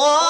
와! 어.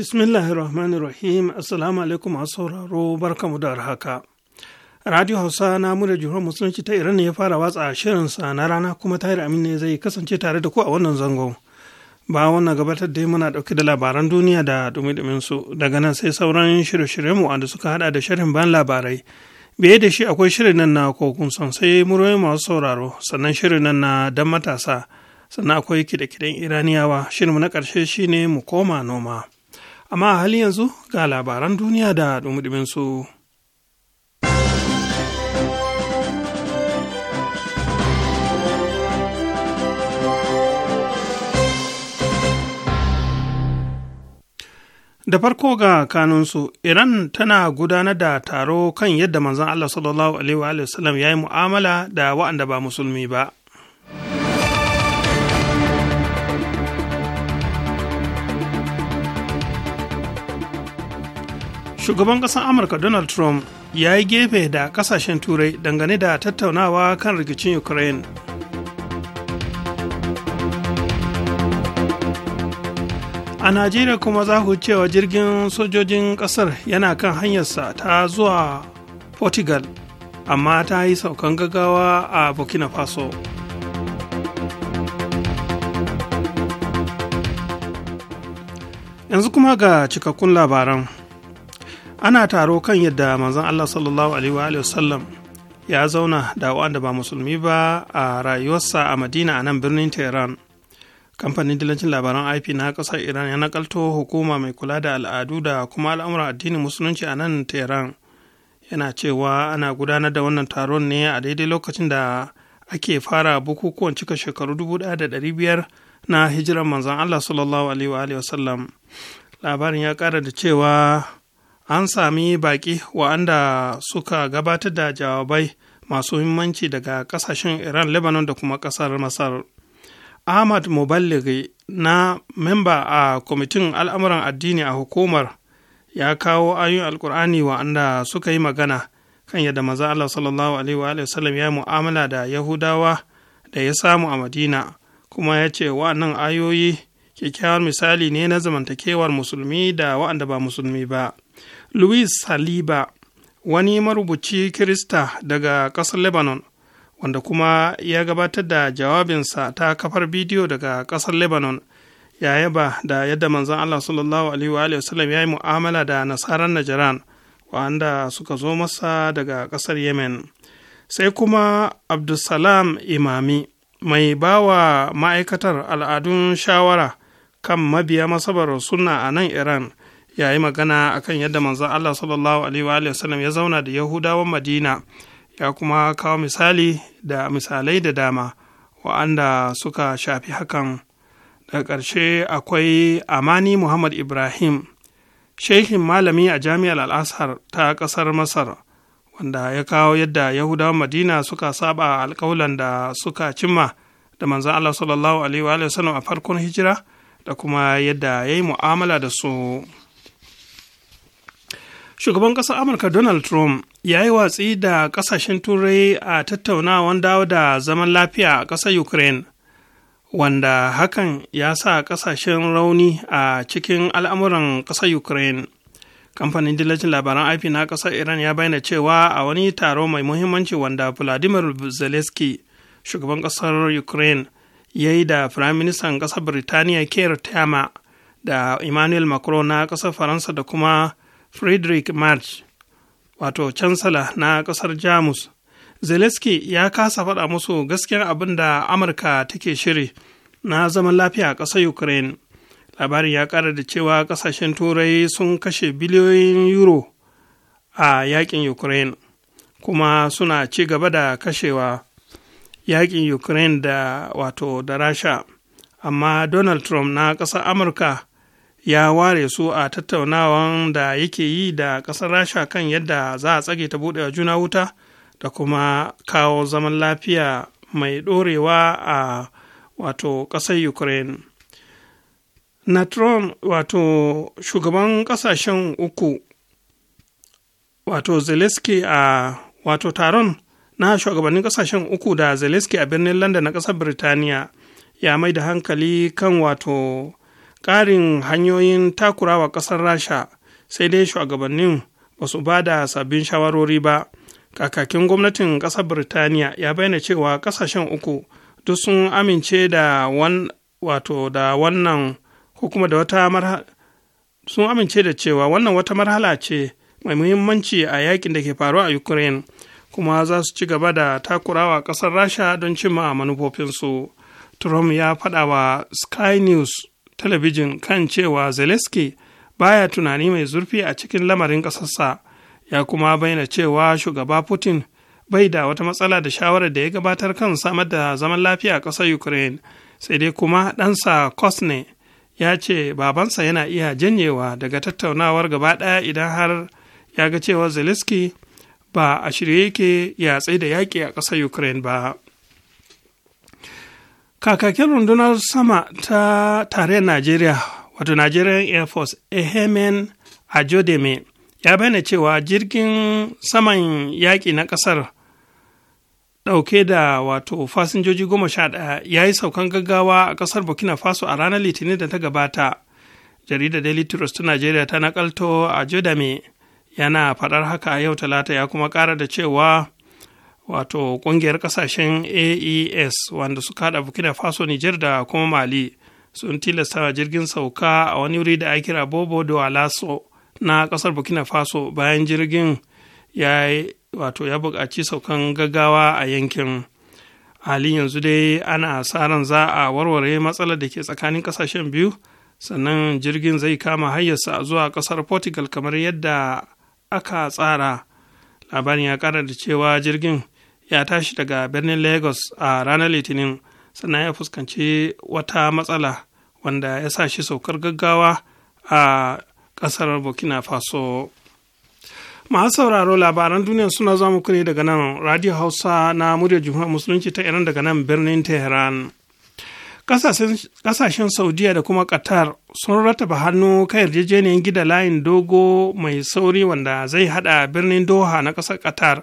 Bismillahir Rahmanir Rahim, Assalamu alaikum masu sauraro barkamu da haka. Radio Hausa na muda jihar Musulunci ta Iran ne ya fara watsa shirinsa na rana kuma Tahir Amin ne zai kasance tare da ku a wannan zango. Ba wannan gabatar da muna ɗauke da labaran duniya da dumi su daga nan sai sauran shirye-shiryen mu da suka hada da sharhin ban labarai. Biye da shi akwai shirin nan na kogun son sai masu sauraro sannan shirin nan na dan matasa sannan akwai kide-kiden Iraniyawa shirin mu na ƙarshe ne mu koma noma. amma a hali yanzu ga labaran duniya da dumudumin su. Da farko ga kanunsu, Iran tana gudanar da taro kan yadda manzon Allah sallallahu Alaihi wasallam ya yi mu'amala da wa'anda ba musulmi ba. shugaban ƙasar amurka donald trump ya yi gefe da ƙasashen turai dangane da tattaunawa kan rikicin ukraine a najeriya kuma za ku cewa jirgin sojojin ƙasar yana kan hanyarsa ta zuwa portugal amma ta yi saukan gaggawa a burkina faso yanzu kuma ga cikakkun labaran ana taro kan yadda manzon Allah sallallahu alaihi wasallam ya zauna da wanda ba musulmi ba a rayuwarsa a Madina a nan birnin Tehran. Kamfanin dillancin labaran IP na ƙasar Iran ya nakalto hukuma mai kula da al'adu da kuma al'amuran addinin musulunci a nan Tehran. Yana cewa ana gudanar da wannan taron ne a daidai lokacin da ake fara bukukuwan cika shekaru biyar na hijirar manzon Allah sallallahu alaihi wasallam. Labarin ya kara da cewa an sami baƙi wa'anda suka gabatar da jawabai masu muhimmanci daga ƙasashen iran lebanon da kuma ƙasar masar ahmad muballigi na memba a kwamitin al'amuran addini a hukumar ya kawo ayoyin alkur'ani wa'anda suka yi magana kan yadda maza Allah sallallahu alaihi wa sallam ya mu'amala da yahudawa da ya samu a madina kuma ya ce wa'annan ayoyi kyakkyawar misali ne na zamantakewar musulmi da wa'anda ba musulmi ba. Louis Saliba wani marubuci Kirista daga ƙasar Lebanon wanda kuma ya gabatar da jawabinsa ta kafar bidiyo daga ƙasar Lebanon ya yaba da yadda manzon Allah sallallahu alaihi wa sallam ya yi mu'amala da nasarar Najaran wanda suka zo masa daga ƙasar Yemen. Sai kuma Abdulsalam Imami mai ba wa ma'aikatar al'adun shawara kan mabiya masabar suna a nan Iran ya yi magana akan yadda manzon Allah sallallahu alaihi wa sallam ya zauna da Yahudawan Madina ya kuma kawo misali da misalai da dama wa'anda suka shafi hakan daga ƙarshe akwai Amani Muhammad Ibrahim shehin malami a jami'ar al'asar ta ƙasar Masar wanda ya kawo yadda Yahudawan Madina suka saba alƙawlan da suka cimma da manzon Allah sallallahu alaihi wa sallam a farkon hijira da kuma yadda ya yi mu'amala da su. shugaban ƙasar amurka donald trump ya yi watsi da ƙasashen turai a tattaunawan dawo da zaman lafiya a ƙasar ukraine wanda hakan ya sa ƙasashen rauni a cikin al'amuran ƙasar ukraine kamfanin dillacin labaran ip na ƙasar iran ya bayyana cewa a wani taro mai muhimmanci wanda vladimir zelensky shugaban ƙasar ukraine ya yi da firaministan ƙasar birtaniya keir tama da emmanuel macron na ƙasar faransa da kuma Friedrich Merz, wato cansala na ƙasar Jamus, zelenski ya kasa faɗa musu gaskiyar abin da Amurka take shiri na zaman lafiya a ƙasar Ukraine. Labarin ya ƙara da cewa ƙasashen Turai sun kashe biliyoyin euro a yaƙin Ukraine, kuma suna ci gaba da kashewa yaƙin Ukraine da wato da Rasha. Amma Donald Trump na ƙasar Amurka ya ware su a tattaunawan da yake yi da ƙasar rasha kan yadda za a tsage ta buɗewa juna wuta da kuma kawo zaman lafiya mai ɗorewa a wato ƙasar ukraine natron wato shugaban ƙasashen uku wato zelensky a wato taron na shugabannin ƙasashen uku da zelensky a birnin london na ƙasar birtaniya ya mai da hankali kan wato ƙarin hanyoyin takurawa ƙasar rasha sai dai shugabannin ba su ba da sabbin shawarori ba kakakin gwamnatin ƙasar birtaniya ya bayyana cewa ƙasashen uku duk sun amince da wato da wannan hukuma da wata marhala sun amince da cewa wannan wata marhala ce mai muhimmanci a yakin da ke faruwa a ukraine kuma za su ci gaba da takurawa ƙasar rasha don cimma manufofinsu trump ya faɗa wa sky news talabijin kan cewa zelenski baya tunani mai zurfi a cikin lamarin ƙasarsa, ya kuma bayyana cewa shugaba Putin bai da wata matsala da shawarar da ya gabatar kan samar da zaman lafiya a ƙasar Ukraine, sai dai kuma ɗansa Kosne ya ce babansa yana iya janyewa daga tattaunawar gaba ɗaya idan har ya ga cewa zelenski ba a shirye yake ya da yaƙi a ƙasar Ukraine ba. kakakin rundunar sama ta tare najeriya wato nigerian air force ehemen ajodeme ya bayyana cewa jirgin saman yaƙi na ƙasar ɗauke da wato fasinjoji goma sha ɗaya ya yi saukan gaggawa a ƙasar burkina faso a ranar litinin da ta gabata jaridar daily trust ta najeriya ta nakalto a jodame yana faɗar haka a yau talata ya kuma ƙara da cewa wato ƙungiyar ƙasashen aes wanda suka haɗa burkina faso nijar da kuma mali sun tilasta jirgin sauka a wani wuri da ake kira bobo do alaso na ƙasar burkina faso bayan jirgin ya wato ya buƙaci saukan gaggawa a yankin halin yanzu dai ana ran za a warware matsalar da ke tsakanin ƙasashen biyu sannan jirgin zai kama hayyarsa zuwa ƙasar portugal kamar yadda aka tsara labarin ya ƙara da cewa jirgin ya tashi daga birnin lagos a ranar litinin sannan ya fuskanci wata matsala wanda ya sa shi saukar gaggawa a ƙasar burkina faso masu sauraro labaran duniya suna zuwa muku ne daga nan radio hausa na muryar jumhuriyar musulunci ta iran daga nan birnin tehran kasashen saudiya da kuma qatar sun rattaba hannu kan yarjejeniyar gida layin dogo mai sauri wanda zai hada birnin doha na ƙasar qatar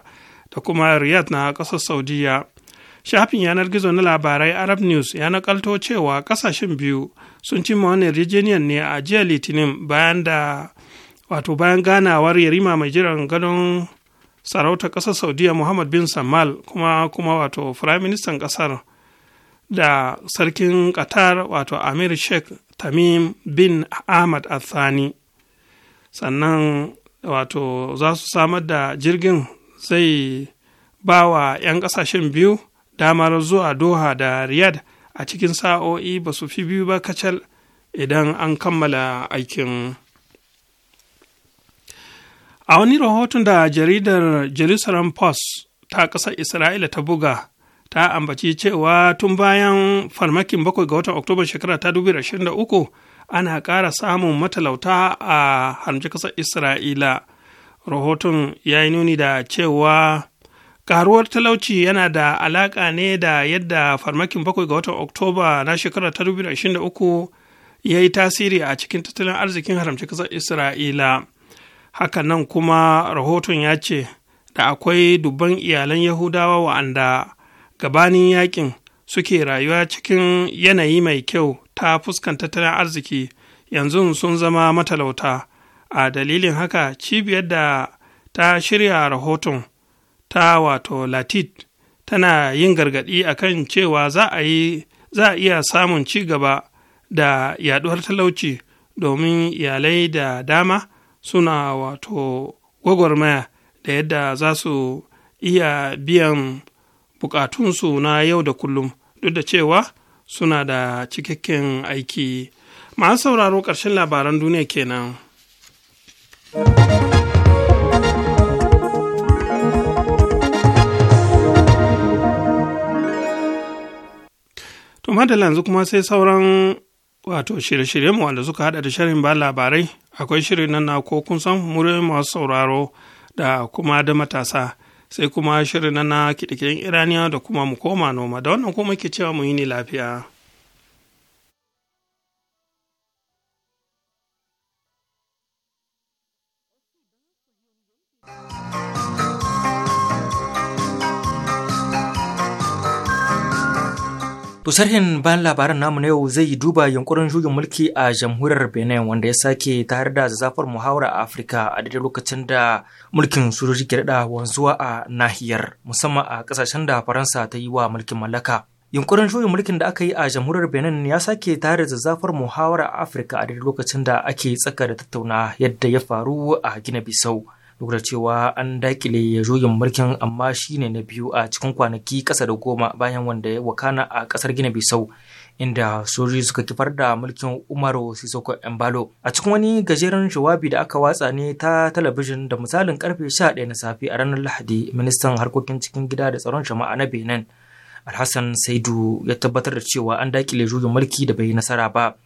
da kuma Riyadh na ƙasar Saudiya. Shafin yanar gizo na labarai Arab News ya nakalto cewa ƙasashen biyu sun cimma wani yarjejeniyar ne a jiya Litinin bayan da wato bayan ganawar yarima mai jiran gadon sarauta ƙasar Saudiya Muhammad bin Sammal kuma kuma wato Firayim Ministan ƙasar da sarkin Qatar wato Amir Sheikh Tamim bin Ahmad Athani. Sannan wato za su samar da jirgin zai ba wa 'yan ƙasashen biyu damar zuwa doha da Riyad a cikin sa'o'i ba su fi biyu ba kacal idan an kammala aikin a wani rahoton da jaridar jerusalem post ta ƙasar isra'ila ta buga ta ambaci cewa tun bayan farmakin bakwai ga watan oktoba shekara ta uku, ana ƙara samun matalauta a harmci ƙasar isra'ila rahoton ya yi nuni da cewa karuwar talauci yana da alaƙa ne da yadda farmakin bakwai ga watan oktoba na shekarar ta 2023 ya yi tasiri a cikin tattalin arzikin haramci ƙasar isra'ila hakan nan kuma rahoton ya ce da akwai dubban iyalan yahudawa wa'anda gabanin yakin suke rayuwa cikin yanayi mai kyau ta fuskan tattalin arziki yanzu sun zama matalauta a dalilin haka cibiyar da ta shirya rahoton ta wato latit tana yin gargaɗi akan cewa za a yi za a iya samun ci gaba da yaduwar talauci domin iyalai da dama suna wato gwagwarmaya da yadda za su iya biyan bukatunsu na yau da kullum duk da cewa suna da cikakken aiki masu sauraro ƙarshen labaran duniya kenan. To madalla yanzu kuma sai sauran wato shirye-shiryenmu wanda suka hada da shirin ba labarai akwai shirin nan na ko kun san muryoyin masu sauraro da kuma da matasa sai kuma shirin nan na kiɗe-kiɗen iraniya da kuma mu koma noma da wannan kuma ke cewa mu yi ne lafiya. To sarhin bayan labaran namu na yau zai duba yunkurin juyin mulki a jamhuriyar Benin wanda ya sake tare da zazafar muhawara a Afirka a daidai lokacin da mulkin sojoji ke daɗa wanzuwa a nahiyar musamman a ƙasashen da Faransa ta yi wa mulkin mallaka. Yunkurin juyin mulkin da aka yi a jamhuriyar Benin ya sake tare da zazzafar muhawara a Afirka a daidai lokacin da ake tsaka da tattauna yadda ya faru a Gina Bisau. duk da cewa an dakile juyin mulkin amma shi ne na biyu a cikin kwanaki kasa da goma bayan wanda ya wakana a ƙasar gina bisau inda sojoji suka kifar da mulkin umaru sisoko embalo a cikin wani gajeren jawabi da aka watsa ne ta talabijin da misalin karfe 11 na safi a ranar lahadi ministan harkokin cikin gida da tsaron jama'a na benin alhassan saidu ya tabbatar da cewa an dakile juyin mulki da bai nasara ba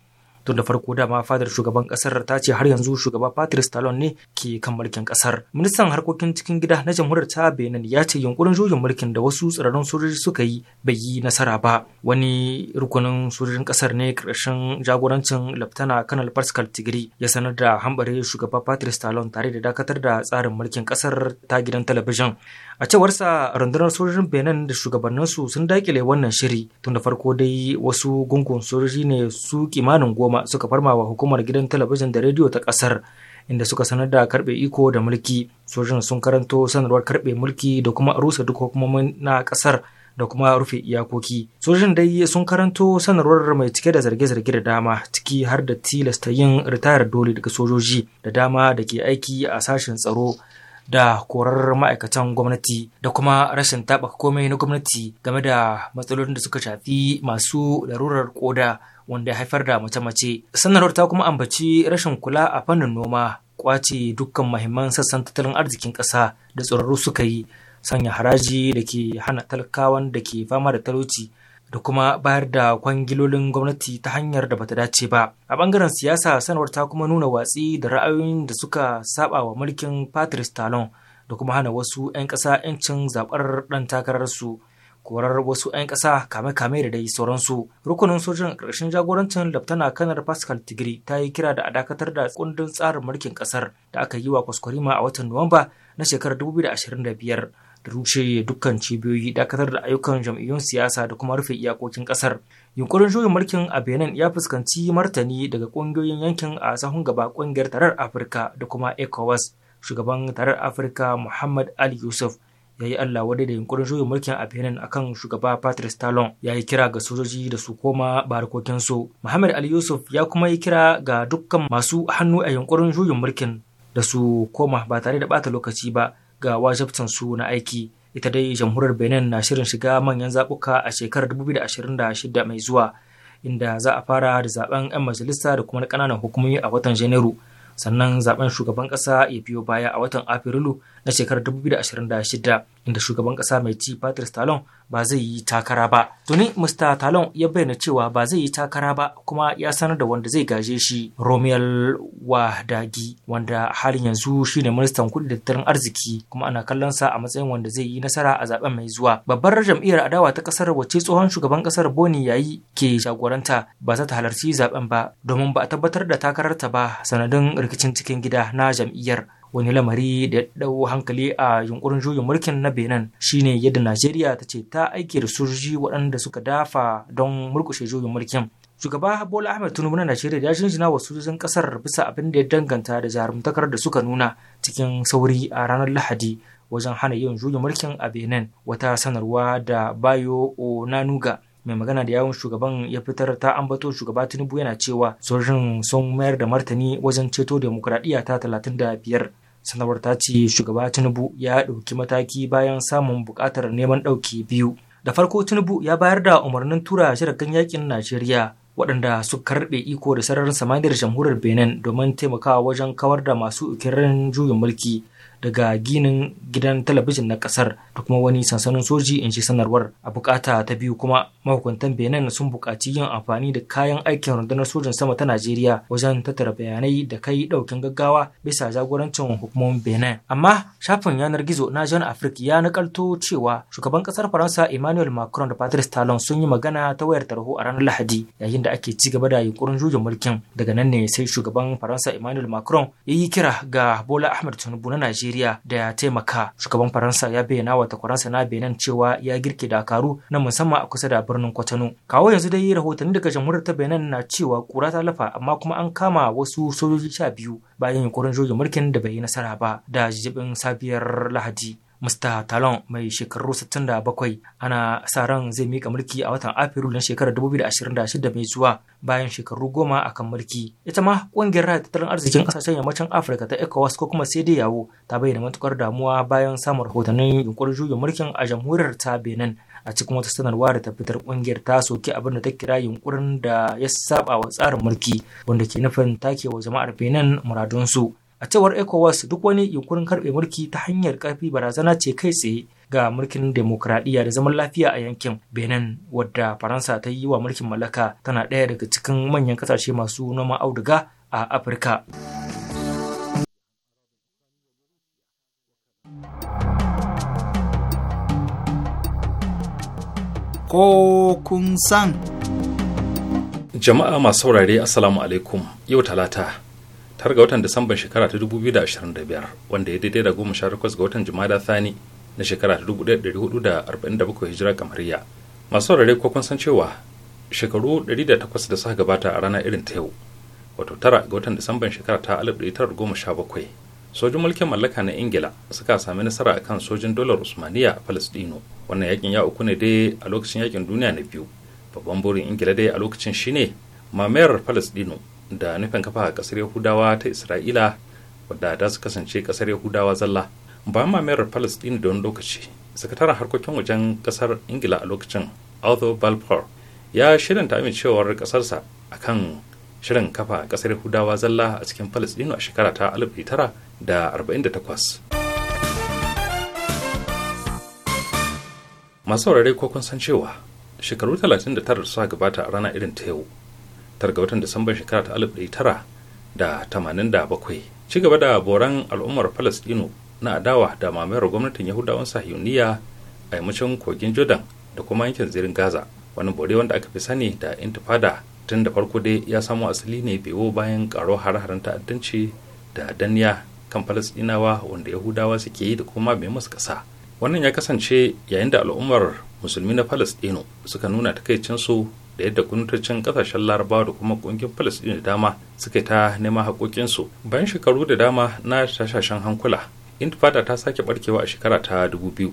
tun da farko dama fadar shugaban kasar ta ce har yanzu shugaba patrice talon ne ke kan mulkin kasar ministan harkokin cikin gida na jamhuriyar ta benin ya ce yunkurin juyin mulkin da wasu tsirarun sojoji suka yi bai yi nasara ba wani rukunin sojojin kasar ne karshen jagorancin laftana kanal pascal tigiri ya sanar da hambare shugaba patrice talon tare da dakatar da tsarin mulkin kasar ta gidan talabijin a cewarsa rundunar sojojin benin da shugabanninsu sun dakile wannan shiri tun da farko dai wasu gungun sojoji ne su kimanin goma suka farma wa hukumar gidan talabijin da rediyo ta kasar inda suka sanar da karbe iko da mulki sojojin sun karanto sanarwar karbe mulki da kuma rusa duk hukumomin na kasar da kuma rufe iyakoki. Sojin dai sun karanto sanarwar mai cike da zarge-zarge da dama ciki har da tilasta yin ritayar dole daga sojoji da dama da ke aiki a sashen tsaro da korar ma'aikatan gwamnati da kuma rashin taɓaka komai na gwamnati game da matsalolin da suka shafi masu larurar koda wanda ya haifar da mace-mace. Sanarwar ta kuma ambaci rashin kula a fannin noma kwace dukkan mahimman sassan tattalin arzikin ƙasa da tsararru suka yi sanya haraji da ke hana talakawan da ke fama da talauci da kuma bayar da kwangilolin gwamnati ta hanyar da bata dace ba a bangaren siyasa sanarwar ta kuma nuna watsi da ra'ayoyin da suka saba wa mulkin patrice talon da kuma hana wasu 'yan ƙasa 'yancin zaɓar ɗan takararsu korar wasu 'yan ƙasa kame-kame da dai sauransu rukunin sojin a ƙarshen jagorancin laftana kanar pascal tigiri ta yi kira da a dakatar da kundin tsarin mulkin ƙasar da aka yi wa kwaskwarima a watan nuwamba na shekarar 2025 da rushe dukkan cibiyoyi dakatar da ayyukan jam'iyyun siyasa da kuma rufe iyakokin kasar yunkurin juyin mulkin a benin ya fuskanci martani daga kungiyoyin yankin a sahun gaba kungiyar tarar afirka da kuma ecowas shugaban tarar afirka muhammad ali yusuf ya yi allah wadai da yunkurin juyin mulkin a benin akan shugaba patrice talon ya yi kira ga sojoji da su koma barkokinsu muhammad ali yusuf ya kuma yi kira ga dukkan masu hannu a yunkurin juyin mulkin da su koma ba tare da bata lokaci ba ga wajabtan su na aiki ita dai jamhuriyar benin na shirin shiga manyan zaɓuka a shekarar 2026 mai zuwa inda za a fara da zaben 'yan majalisa da kuma ƙananan hukumomi a watan janairu sannan zaben shugaban ƙasa ya biyo baya a watan afrilu na shekarar 2026 inda shugaban ƙasa mai ci patrice talon ba zai yi takara ba. Tuni Mr. Talon ya bayyana cewa ba zai yi takara ba kuma ya sanar da wanda zai gaje shi Romel Wadagi wanda halin yanzu shine ministan kuɗi da tattalin arziki kuma ana kallon sa a matsayin wanda zai yi nasara a zaben mai zuwa. Babbar jam'iyyar adawa ta kasar Wace tsohon shugaban kasar Boni yayi ke jagoranta ba za ta halarci zaben ba domin ba a tabbatar da takararta ba sanadin rikicin cikin gida na jam'iyyar. wani lamari da ya dau hankali a yunkurin juyin mulkin na benin shine yadda najeriya ta ce ta aike da sojoji waɗanda suka dafa don murkushe juyin mulkin shugaba bola ahmed tinubu na najeriya ya jinjina wa sojojin ƙasar bisa abin da ya danganta da jarumtakar da suka nuna cikin sauri a ranar lahadi wajen hana yin juyin mulkin a benin wata sanarwa da bayo onanuga mai magana da yawun shugaban ya fitar ta ambato shugaba tinubu yana cewa sojin sun mayar da martani wajen ceto demokuraɗiyya ta talatin da biyar, sanarwar ta ce shugaba tinubu ya ɗauki mataki bayan samun buƙatar neman ɗauki biyu da farko tinubu ya bayar da umarnin tura jiragen yakin najeriya waɗanda suka karɓe iko da sararin samaniyar jamhuriyar benin domin taimakawa wajen kawar da masu ikirin juyin mulki daga ginin gidan talabijin na kasar da kuma wani sansanin soji in shi sanarwar a bukata ta biyu kuma mahukuntan benin sun bukaci yin amfani da kayan aikin rundunar sojin sama ta najeriya wajen tattara bayanai da kai daukin gaggawa bisa jagorancin hukumomin benin amma shafin yanar gizo na jan afrik ya nakalto cewa shugaban kasar faransa emmanuel macron da patrice talon sun yi magana ta wayar tarho a ranar lahadi yayin da ake ci gaba da yunkurin juya mulkin daga nan ne sai shugaban faransa emmanuel macron ya yi kira ga bola ahmed tinubu na najeriya Najeriya da ya taimaka. Shugaban Faransa ya bayyana wa takwaransa na Benin cewa ya girke Dakaru na musamman a kusa da birnin Kwatano. Kawo yanzu dai rahotanni daga jamhuriyar ta Benin na cewa kura ta lafa amma kuma an kama wasu sojoji sha biyu bayan yunkurin juya mulkin da bai yi nasara ba da jibin sabiyar Lahadi. Mr. Talon mai shekaru 67 ana sa ran zai mika mulki a watan Afrilu na shekarar 2026 mai zuwa bayan shekaru goma a kan mulki. Ita ma ƙungiyar raya tattalin arzikin ƙasashen yammacin Afirka ta ECOWAS ko kuma sai yawo ta bayyana matukar damuwa bayan samun rahotannin yunkurin juyin mulkin a jamhuriyar ta Benin. a cikin wata sanarwa da ta fitar ƙungiyar ta soki abin da ta kira yunkurin da ya saba wa tsarin mulki wanda ke nufin take wa jama'ar benin muradunsu a cewar ecowas duk wani yunkurin karbe mulki ta hanyar karfi barazana ce kai tsaye ga mulkin demokradiyya da zaman lafiya a yankin benin wadda faransa ta yi wa mulkin mallaka tana ɗaya daga cikin manyan ƙasashe masu noman auduga a afirka ko kun san jama'a masu saurare asalamu alaikum yau talata tare ga watan Disamban shekara ta 2025 wanda ya daidai da goma sha ga watan Jumada Thani na shekara ta 1447 hijira kamariya. Masu saurare ko kun san cewa shekaru 108 da suka gabata a rana irin ta yau wato tara ga watan Disamban shekara ta 1917 sojin mulkin mallaka na Ingila suka sami nasara akan sojin dolar Usmaniya a Palestino. Wannan yakin ya uku ne dai a lokacin yakin duniya na biyu. Babban burin Ingila dai a lokacin shine mamayar Palestino da nufin kafa a kasar yahudawa ta isra'ila wadda ta su kasance kasar yahudawa zalla bayan mayar palestine da wani lokaci sakataren harkokin wajen kasar ingila a lokacin arthur balfour ya shirinta amincewar kasarsa a kan shirin kafa kasar yahudawa zalla a cikin palestine a shekara ta 1948 masu saurare ko kun san cewa shekaru talatin da tara 39 suka gabata a rana irin ta yau targa ga watan disamban shekara ta bakwai. ci gaba da boran al'ummar falasɗinu na adawa da mamayar gwamnatin yahudawan sahiyuniya a yammacin kogin jordan da kuma yankin zirin gaza wani bore wanda aka fi sani da intifada tun da farko dai ya samo asali ne biyo bayan karo hare-haren ta'addanci da danniya kan falasɗinawa wanda yahudawa suke yi da kuma mai masu kasa. wannan ya kasance yayin da al'ummar musulmi na falasɗinu suka nuna takaicinsu da yadda gwamnatocin kasashen larabawa da kuma kungiyar palestine da dama suke ta neman haƙoƙinsu bayan shekaru da dama na tashashen hankula intifada ta sake barkewa a shekara ta 2000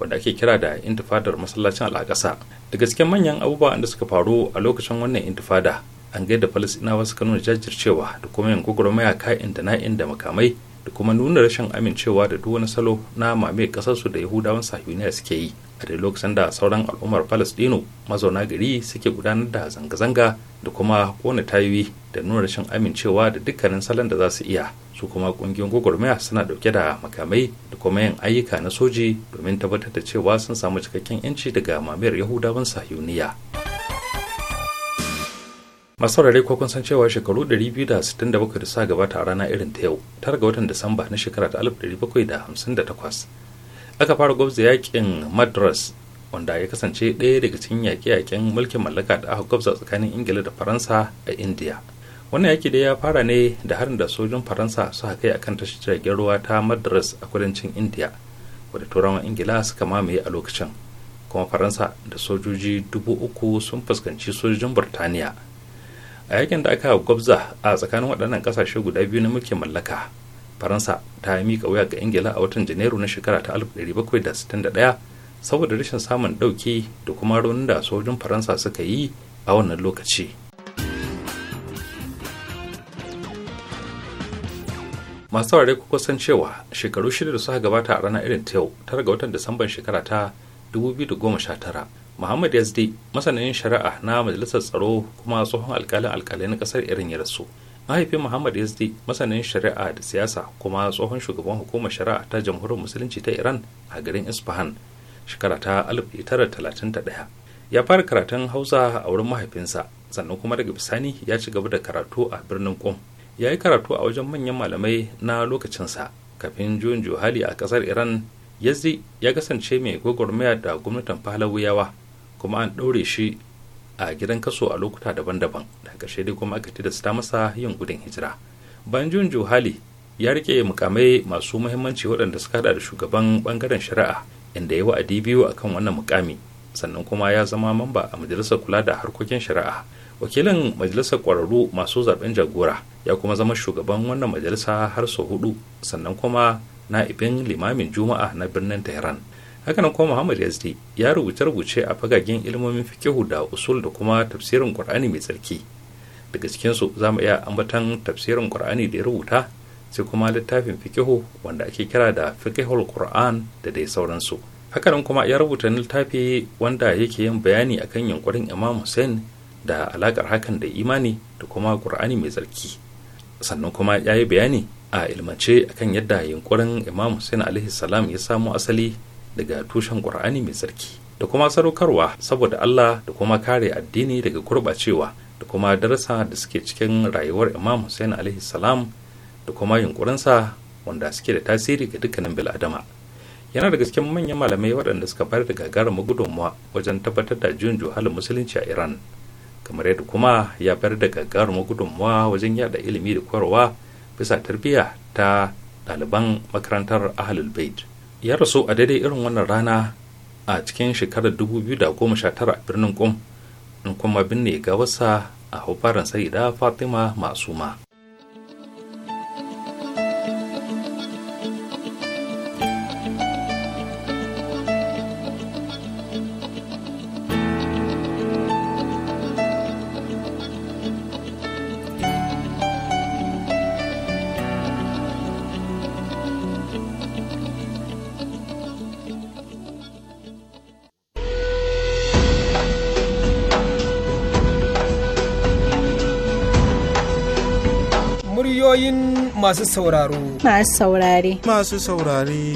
wanda ake kira da intifadar masallacin al'akasa daga gaske manyan abubuwa da suka faru a lokacin wannan intifada an gaida palestinawa suka nuna jajircewa da kuma yin gwagwarmaya ka'in da na'in da makamai da kuma nuna rashin amincewa da duk wani salo na mame kasarsu da yahudawan sahiyuniya suke yi a dai lokacin da sauran al'ummar palestino mazauna gari suke gudanar da zanga-zanga da kuma kona tayoyi da nuna rashin amincewa da dukkanin salon da za su iya su kuma kungiyoyin gwagwarmaya suna ɗauke da makamai da kuma yin ayyuka na soji domin tabbatar da cewa sun samu cikakken yanci daga mamayar yahudawan sahiyuniya masu rarrai ko kun san cewa shekaru 267 da sa gabata a rana irin ta yau tare ga watan disamba na shekara ta 1758 aka fara gwabza yakin madras wanda ya kasance ɗaya daga cikin yaƙe-yaƙen mulkin mallaka da aka gwabza tsakanin ingila da faransa a india. wannan yaƙi da ya fara ne da harin da sojin faransa suka kai akan tashar jiragen ruwa ta madras a kudancin india wadda turawan ingila suka mamaye a lokacin kuma faransa da sojoji dubu uku sun fuskanci sojojin burtaniya a yakin da aka gwabza a tsakanin waɗannan ƙasashe guda biyu na mulkin mallaka faransa ta yi mika wuya ga ingila a watan janairu na shekara ta 1761 saboda rashin samun ɗauki da kuma raunin da sojin faransa suka yi a wannan lokaci masu saurare kuka san cewa shekaru shida da suka gabata a ranar irin ta yau tara ga watan disamban shekara ta 2019 muhammad yazdi masanin shari'a na majalisar tsaro kuma tsohon alkalin alkalai na kasar irin ya rasu mahaifin muhammad yazdi masanin shari'a da siyasa kuma tsohon shugaban hukumar shari'a ta jamhuriyar musulunci ta iran a garin isfahan shekara ta 1931 ya fara karatun hausa a wurin mahaifinsa sannan kuma daga bisani ya ci gaba da karatu a birnin kum ya yi karatu a wajen manyan malamai na lokacinsa kafin juyin juhali a kasar iran yazdi ya kasance mai gwagwarmaya da gwamnatin falawuyawa kuma an ɗaure shi a gidan kaso a lokuta daban-daban da ƙarshe dai kuma aka tilasta masa yin gudun hijira bayan jun juhali ya rike mukamai masu muhimmanci waɗanda suka hada da shugaban bangaren shari'a inda ya wa'adi biyu a kan wannan mukami sannan kuma ya zama mamba a majalisar kula da harkokin shari'a wakilin majalisar ƙwararru masu zaben jagora ya kuma zama shugaban wannan majalisa har sau hudu sannan kuma na'ibin limamin juma'a na birnin tehran hakanan kuma muhammad yazdi ya rubuce rubuce a fagagen ilmomin fikihu da usul da kuma tafsirin qur'ani mai tsarki daga cikinsu za mu iya ambatan tafsirin qur'ani da ya rubuta sai kuma littafin fikihu wanda ake kira da fikihul qur'an da dai sauransu hakanan kuma ya rubuta littafi wanda yake yin bayani akan yankurin imam hussein da alakar hakan da imani da kuma qur'ani mai tsarki sannan kuma ya yi bayani a ilmance akan yadda yankurin imam hussein alaihi salam ya samo asali daga tushen ƙur'ani mai tsarki da kuma sadaukarwa saboda Allah da kuma kare addini daga gurɓacewa da kuma darasa da suke cikin rayuwar Imam Hussein alaihi salam da kuma yunkurinsa wanda suke da tasiri ga dukkanin bil'adama. Yana daga cikin manyan malamai waɗanda suka bayar da gagarumin gudunmuwa wajen tabbatar da juyin juhalin musulunci a Iran. Kamar yadda kuma ya bayar da gagarumin gudunmuwa wajen yada ilimi da koyarwa bisa tarbiyya ta ɗaliban makarantar Ahlul Bait. ya rasu a daidai irin wannan rana a cikin shekarar 2019 a birnin kum in kuma binne gawarsa a hufarin sayida fatima masuma masu sauraro. Masu saurare. Masu saurare.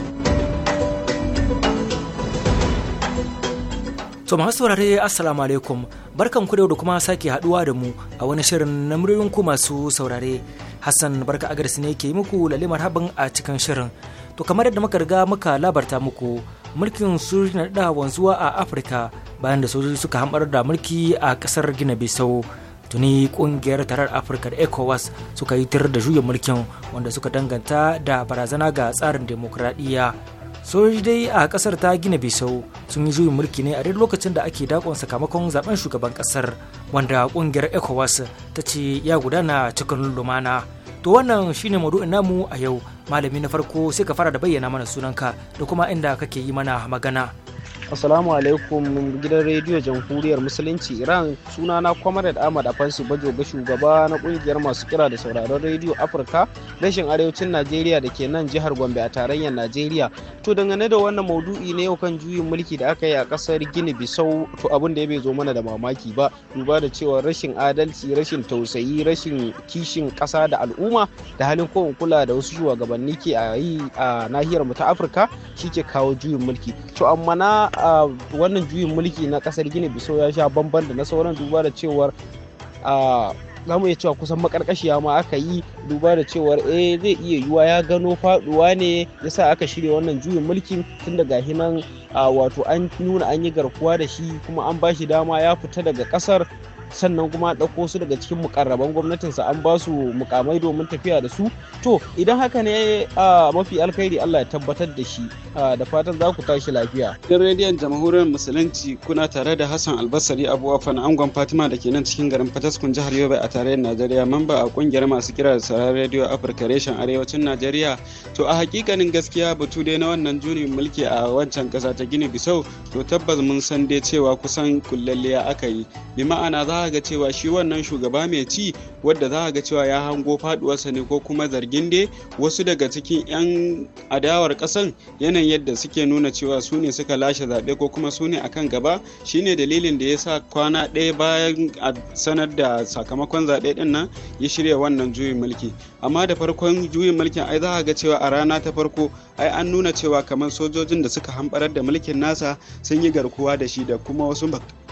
To masu saurare Assalamu alaikum barkan ku da kuma sake haduwa da mu a wani shirin na ku masu saurare. Hassan barka agarsi ne ke muku lalle marhaban a cikin shirin. To kamar yadda muka riga muka labarta muku mulkin sojoji na da wanzuwa a Afirka bayan da sojoji suka hamar da mulki a kasar Gina Bisau. tuni kungiyar tarar afirka da ecowas suka yi tir da juyin mulkin wanda suka danganta da barazana ga tsarin demokuraɗiyya sojoji dai a kasar ta gina bisau sun yi juyin mulki ne a duk lokacin da ake dakon sakamakon zaben shugaban kasar wanda kungiyar ecowas ta ce ya gudana cikin lumana to wannan shine maudu'in namu a yau malami na farko sai ka fara da bayyana mana sunanka da kuma inda kake yi mana magana Assalamu alaikum gidan rediyo jamhuriyar musulunci Iran suna na Comrade Ahmad Afansu Bajo ga shugaba na kungiyar masu kira da sauraron rediyo Afirka rashin arewacin Najeriya da ke nan jihar Gombe a tarayyar Najeriya. To dangane da wannan maudu'i ne yau kan juyin mulki da aka yi a kasar Gini Bisau to abin da ya bai zo mana da mamaki ba duba da cewa rashin adalci rashin tausayi rashin kishin kasa da al'umma da halin kowane kula da wasu shugabanni ke a yi a nahiyar mu ta Afirka shi ke kawo juyin mulki. To amma na a wannan juyin mulki na kasar gini biso ya sha bamban da na sauran duba da cewar a za mu iya cewa kusan makarkashiya ma aka yi duba da cewar eh zai iya yiwuwa ya gano faduwa ne ya sa aka shirya wannan juyin mulkin tun daga hinan wato an nuna an yi garkuwa da shi kuma an ba shi dama ya fita daga kasar sannan kuma ɗauko su daga cikin mukarraban gwamnatinsa an ba su mukamai domin tafiya da su to idan haka ne a mafi alkhairi Allah ya tabbatar da shi da fatan za ku tashi lafiya. Gidan rediyon jamhuriyar musulunci kuna tare da Hassan Albasari Abu Afan angon Fatima da ke nan cikin garin Fataskun jihar Yobe a tarayyar Najeriya mamba a kungiyar masu kira da sauran rediyo Afirka reshen arewacin Najeriya to a hakikanin gaskiya batu dai na wannan junin mulki a wancan kasa ta Gini Bisau to tabbas mun san dai cewa kusan kullalliya aka yi bi ma'ana za a ga cewa shi wannan shugaba mai ci wadda za a ga cewa ya hango faduwarsa ne ko kuma zargin dai wasu daga cikin 'yan adawar kasan yanayin yadda suke nuna cewa su ne suka lashe zaɓe ko kuma su ne akan gaba shine dalilin da ya sa kwana ɗaya bayan a sanar da sakamakon zaɓe ɗin nan ya shirya wannan juyin mulki amma da farkon juyin mulkin ai za a ga cewa a rana ta farko ai an nuna cewa kamar sojojin da suka hamɓarar da mulkin nasa sun yi garkuwa da shi da kuma wasu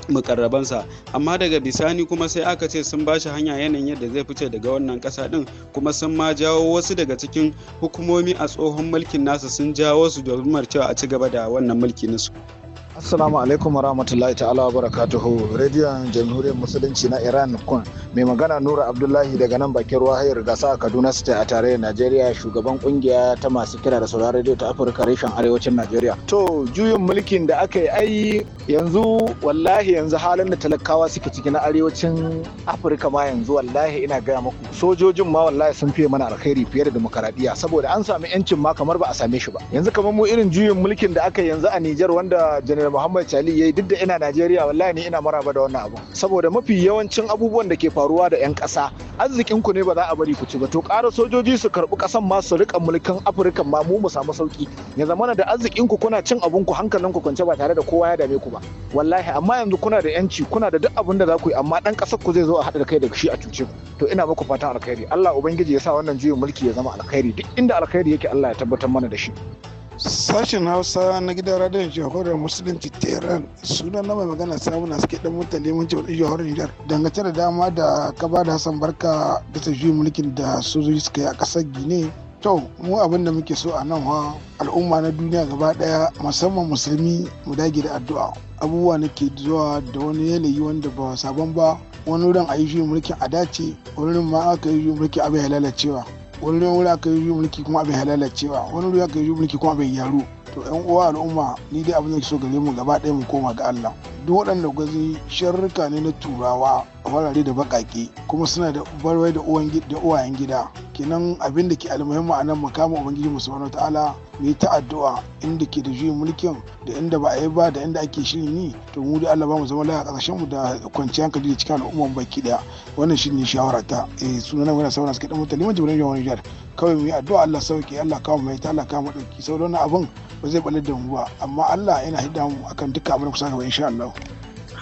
mukarrabansa amma daga bisani kuma sai aka ce sun bashi hanya yanayin yadda zai fice daga wannan kasa din kuma sun ma jawo wasu daga cikin hukumomi a tsohon mulkin nasa sun jawo su domin cewa a ci gaba da wannan mulki nasu. Assalamu alaikum warahmatullahi ta'ala barakatuhu Radio Jamhuriyar Musulunci na Iran kun mai magana Nura Abdullahi daga nan bakin ruwa hayar gasa a Kaduna State a tarayyar Najeriya shugaban kungiya ta masu kira da sauran Radio ta Afirka reshen arewacin Najeriya. To juyin mulkin da aka yi ai yanzu wallahi yanzu halin da talakawa suke ciki na arewacin Afirka ma yanzu wallahi ina gaya muku sojojin ma wallahi sun fiye mana alkhairi fiye da demokaradiyya saboda an sami yancin ma kamar ba a same shi ba. Yanzu kamar mu irin juyin mulkin da aka yi yanzu a Nijar wanda General Muhammad ya yayi duk da ina Najeriya wallahi ni ina maraba da wannan abu saboda mafi yawancin abubuwan da ke faruwa da 'yan ƙasa arzikin ku ne ba za a bari ku ci ba to ƙara sojoji su karɓi ƙasan ma su rika mulkin Afirka ma mu mu samu sauki ya zama da arzikin ku kuna cin abun ku hankalin ku kwance ba tare da kowa ya dame ku ba wallahi amma yanzu kuna da yanci kuna da duk abin da za ku yi amma dan ƙasar ku zai zo a haɗa kai da shi a cuce ku to ina muku fatan alkhairi Allah ubangiji ya sa wannan juyin mulki ya zama alkhairi duk inda alkhairi yake Allah ya tabbatar mana da shi Sashen Hausa na gidan radiyon jihohorar Musulunci Tehran suna na mai magana samu na suke dan mutane mun ji wadda jihohorar Nijar dangance da dama da ka ba da Hassan Barka da ta juyi mulkin da sojoji suka yi a ƙasar Gine. To, mu abin da muke so a nan wa al'umma na duniya gaba ɗaya musamman musulmi mu dage da addu'a. Abubuwa na ke zuwa da wani yanayi wanda ba sabon ba wani wurin a yi mulkin a dace wani ma aka yi mulkin abin ya lalacewa. wani wuri aka yi mulki kuma abin halalacewa wani wuri aka yi mulki kuma abin yaro to yan uwa al'umma ni dai abin da ke so gare mu gaba ɗaya mu koma ga Allah duk waɗanda gazi sharrika ne na turawa farare da baƙaƙe kuma suna da barwai da uwayen gida kenan abin da ke almuhimmi a nan mu kama ubangiji mu subhanahu ta'ala mu yi ta addu'a inda ke da juyin mulkin da inda ba a yi ba da inda ake shirin yi to mu da Allah ba mu zama lafiya ƙarshen mu da kwanciyar hankali da cikin mu baki daya wannan shi ne shawara ta eh nan wani sauran suka dan mutane mun jibrin jawani jar kawai mu yi addu'a Allah sauke Allah kawo mai ta Allah kawo madauki wani abin ba zai balle da mu ba amma Allah yana hidda mu akan duka abin da kusa gaba insha Allah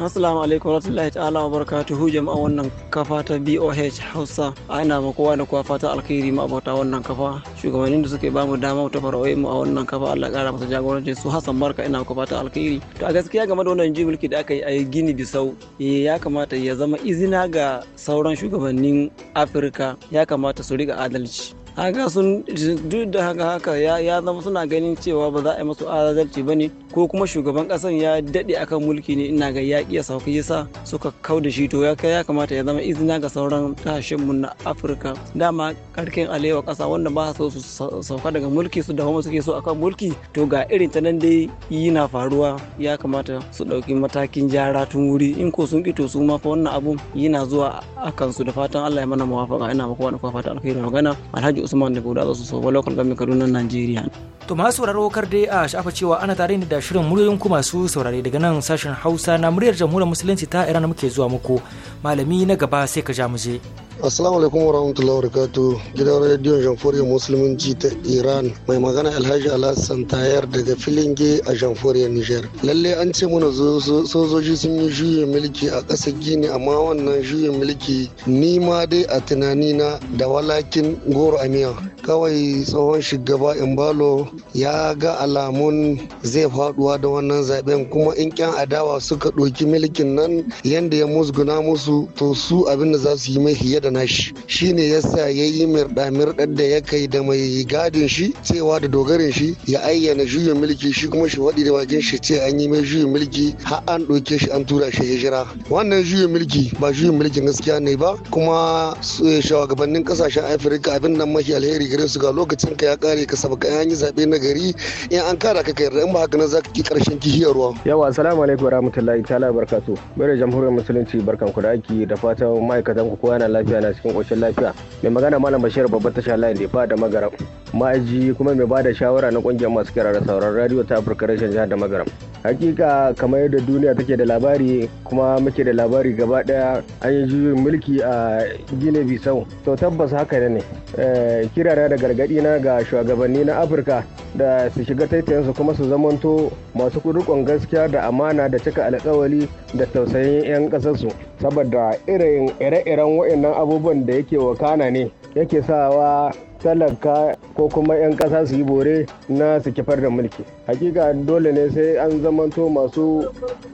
Assalamu alaikum warahmatullahi ta'ala wabarakatuhu jama'a wannan kafa ta BOH Hausa a ina ma kowa da kowa fata alkhairi ma abota wannan kafa shugabannin da suke ba mu dama ta farawaye mu a wannan kafa Allah kara masa jagoranci su Hassan Barka ina ku fata alkhairi to a gaskiya game da wannan jimilki da aka yi a Gini Bisau eh, ya kamata ya zama izina ga sauran shugabannin Afirka ya kamata su riga adalci haka sun duk da haka haka ya zama suna ganin cewa ba za a yi masu adalci ba ne ko kuma shugaban kasan ya daɗe akan mulki ne ina ga ya sauka yasa suka kau da shi to ya kai ya kamata ya zama izina ga sauran kasashen mu na afirka dama karkin alewa kasa wanda ba so su sauka daga mulki su dawo suke so akan mulki to ga irin ta nan dai na faruwa ya kamata su ɗauki matakin jara tun wuri in ko sun kito su ma fa wannan abun yana zuwa akan su da fatan Allah ya mana muwafaka ina maka wani fata alkhairi magana alhaji Alhaji Usman da su Zasu Sobo Local Government Kaduna Nigeria. To masu sauraro kar dai a shafa cewa ana tare da shirin muryoyin ku masu saurare daga nan sashen Hausa na muryar Jamhuriyar Musulunci ta Iran muke zuwa muku. Malami na gaba sai ka ja mu je. Assalamu alaikum wa rahmatullahi wa barakatu gidan rediyon jamhuriyar musulunci ta Iran mai magana Alhaji Alhassan Tayar daga filin Filinge a jamhuriyar Nijar. Lalle an ce mana sojoji sun yi juyin mulki a ƙasar Gini amma wannan juyin mulki ni ma dai a tunani na da walakin goro miya. Kawai tsohon shugaba Imbalo ya ga alamun zai faduwa da wannan zaben kuma in kyan adawa suka ɗauki mulkin nan yanda ya musguna musu to su abin da za su yi mai da da nashi shine yasa ya yi mirɗa da ya kai da mai gadin shi cewa da dogarin shi ya ayyana juyin mulki shi kuma shi waɗi da bakin shi ce an yi mai juyin mulki har an ɗauke shi an tura shi ya jira wannan juyin mulki ba juyin mulkin gaskiya ne ba kuma eh, shugabannin kasashen afirka abin nan mafi alheri gare su ga lokacin ka ya kare ka saba an yi zaɓe na gari in an kara ka yarda in ba haka nan za ka ki ƙarshen kihiyar ruwa. yawa assalamu alaikum warahmatullahi ta'ala barkatu. Bare jamhuriyar musulunci barkan ku da aiki da fatan ma'aikatan ku kowa na lafiya yana cikin ƙoshin lafiya mai magana malam bashir babbar tashar layin da ba da magaram ma'aji kuma mai bada shawara na ƙungiyar masu kira da sauran radio ta afirka rashin jihar da magaram hakika kamar yadda duniya take da labari kuma muke da labari gaba daya an yi juyin mulki a gine bisau to tabbas haka ne eh, kirana da gargaɗi na ga shugabanni na afirka da su shiga taitayensu kuma su zamanto masu rikon gaskiya da amana da cika alkawali da tausayin 'yan ƙasarsu saboda irin ire-iren waɗannan abubuwan da yake wakana ne yake sawa talaka ko kuma 'yan kasa su yi bore na su kifar da mulki hakika dole ne sai an zamanto masu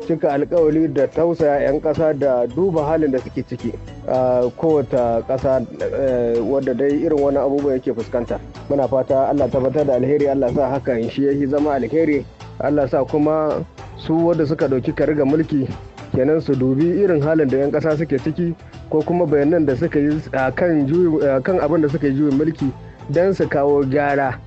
cika alkawali da tausaya 'yan kasa da duba halin da suke ciki a kowata ƙasa eh, wadda dai irin wani abubuwa yake fuskanta muna fata allah tabbatar da alheri allah sa hakan shi ya zama alheri allah sa kuma su wadda suka ɗauki kariga mulki kenan su dubi irin halin da 'yan kasa suke ciki ko kuma bayanan da suka yi kan abin da suka yi juyin mulki don su kawo gyara.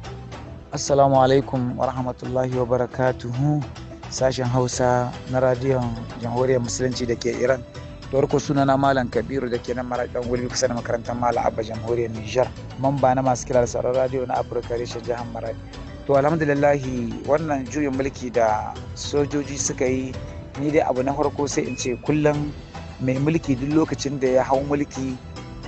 Assalamu alaikum wa rahmatullahi wa barakatuhu sashen Hausa na radiyon jamhuriyar musulunci da ke Iran. farko suna na malam kabiru da ke nan maraƙin wuri kusa da makarantar malam abba jamhuriyar nijar mamba na masu kira da sauran radiyo na afirka reshen jihar maraɗi to alhamdulillahi wannan juyin mulki da sojoji suka yi ni dai abu na farko sai in ce kullum mai mulki duk lokacin da ya hau mulki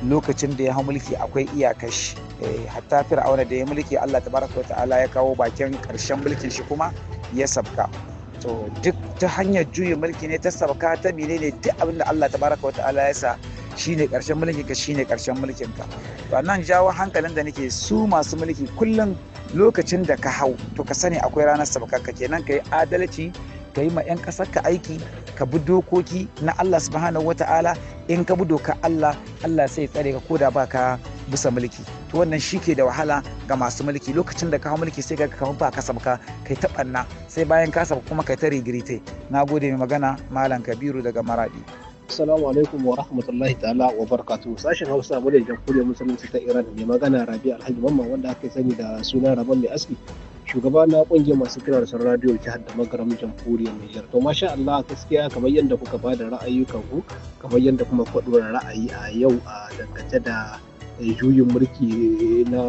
lokacin da ya hau mulki akwai iyakashi eh, hatta fir'auna da ya mulki Allah tabaraka wa ta'ala ya kawo bakin karshen mulkin shi kuma ya sabka to duk ta hanyar juyin mulki ne ta sabka ta menene duk abin da Allah tabaraka wa ta'ala ya sa shine karshen mulkin ka shine karshen mulkin ka to nan jawo hankalin da nake su masu mulki kullum lokacin da ka hau to ka sani akwai ranar sabka ka kenan kai adalci ka yi ma 'yan ƙasar ka aiki ka bi dokoki na Allah subhanahu ta'ala in ka bi doka Allah Allah sai tsare ka ko da ba ka bisa mulki to wannan shi ke da wahala ga masu mulki lokacin da ka hau mulki sai ka kamar ba ka sabka kai ta banna sai bayan ka sabka kuma kai ta rigirite na gode mai magana malam kabiru daga maradi Assalamu alaikum wa rahmatullahi ta'ala wa barkatu Sashen Hausa mu da Jamhuriyar Musulunci ta Iran mai magana Rabi Alhaji Mamman wanda aka sani da sunan Rabon Mai Aski shugaba na kungiyar masu kira da radiyo jihar da magaram jamhuriyar Nijar. To masha Allah gaskiya kamar yadda kuka ba da ra'ayyukan ku kamar yadda kuma kwaɗuwar ra'ayi a yau a dangance da eh, juyin mulki na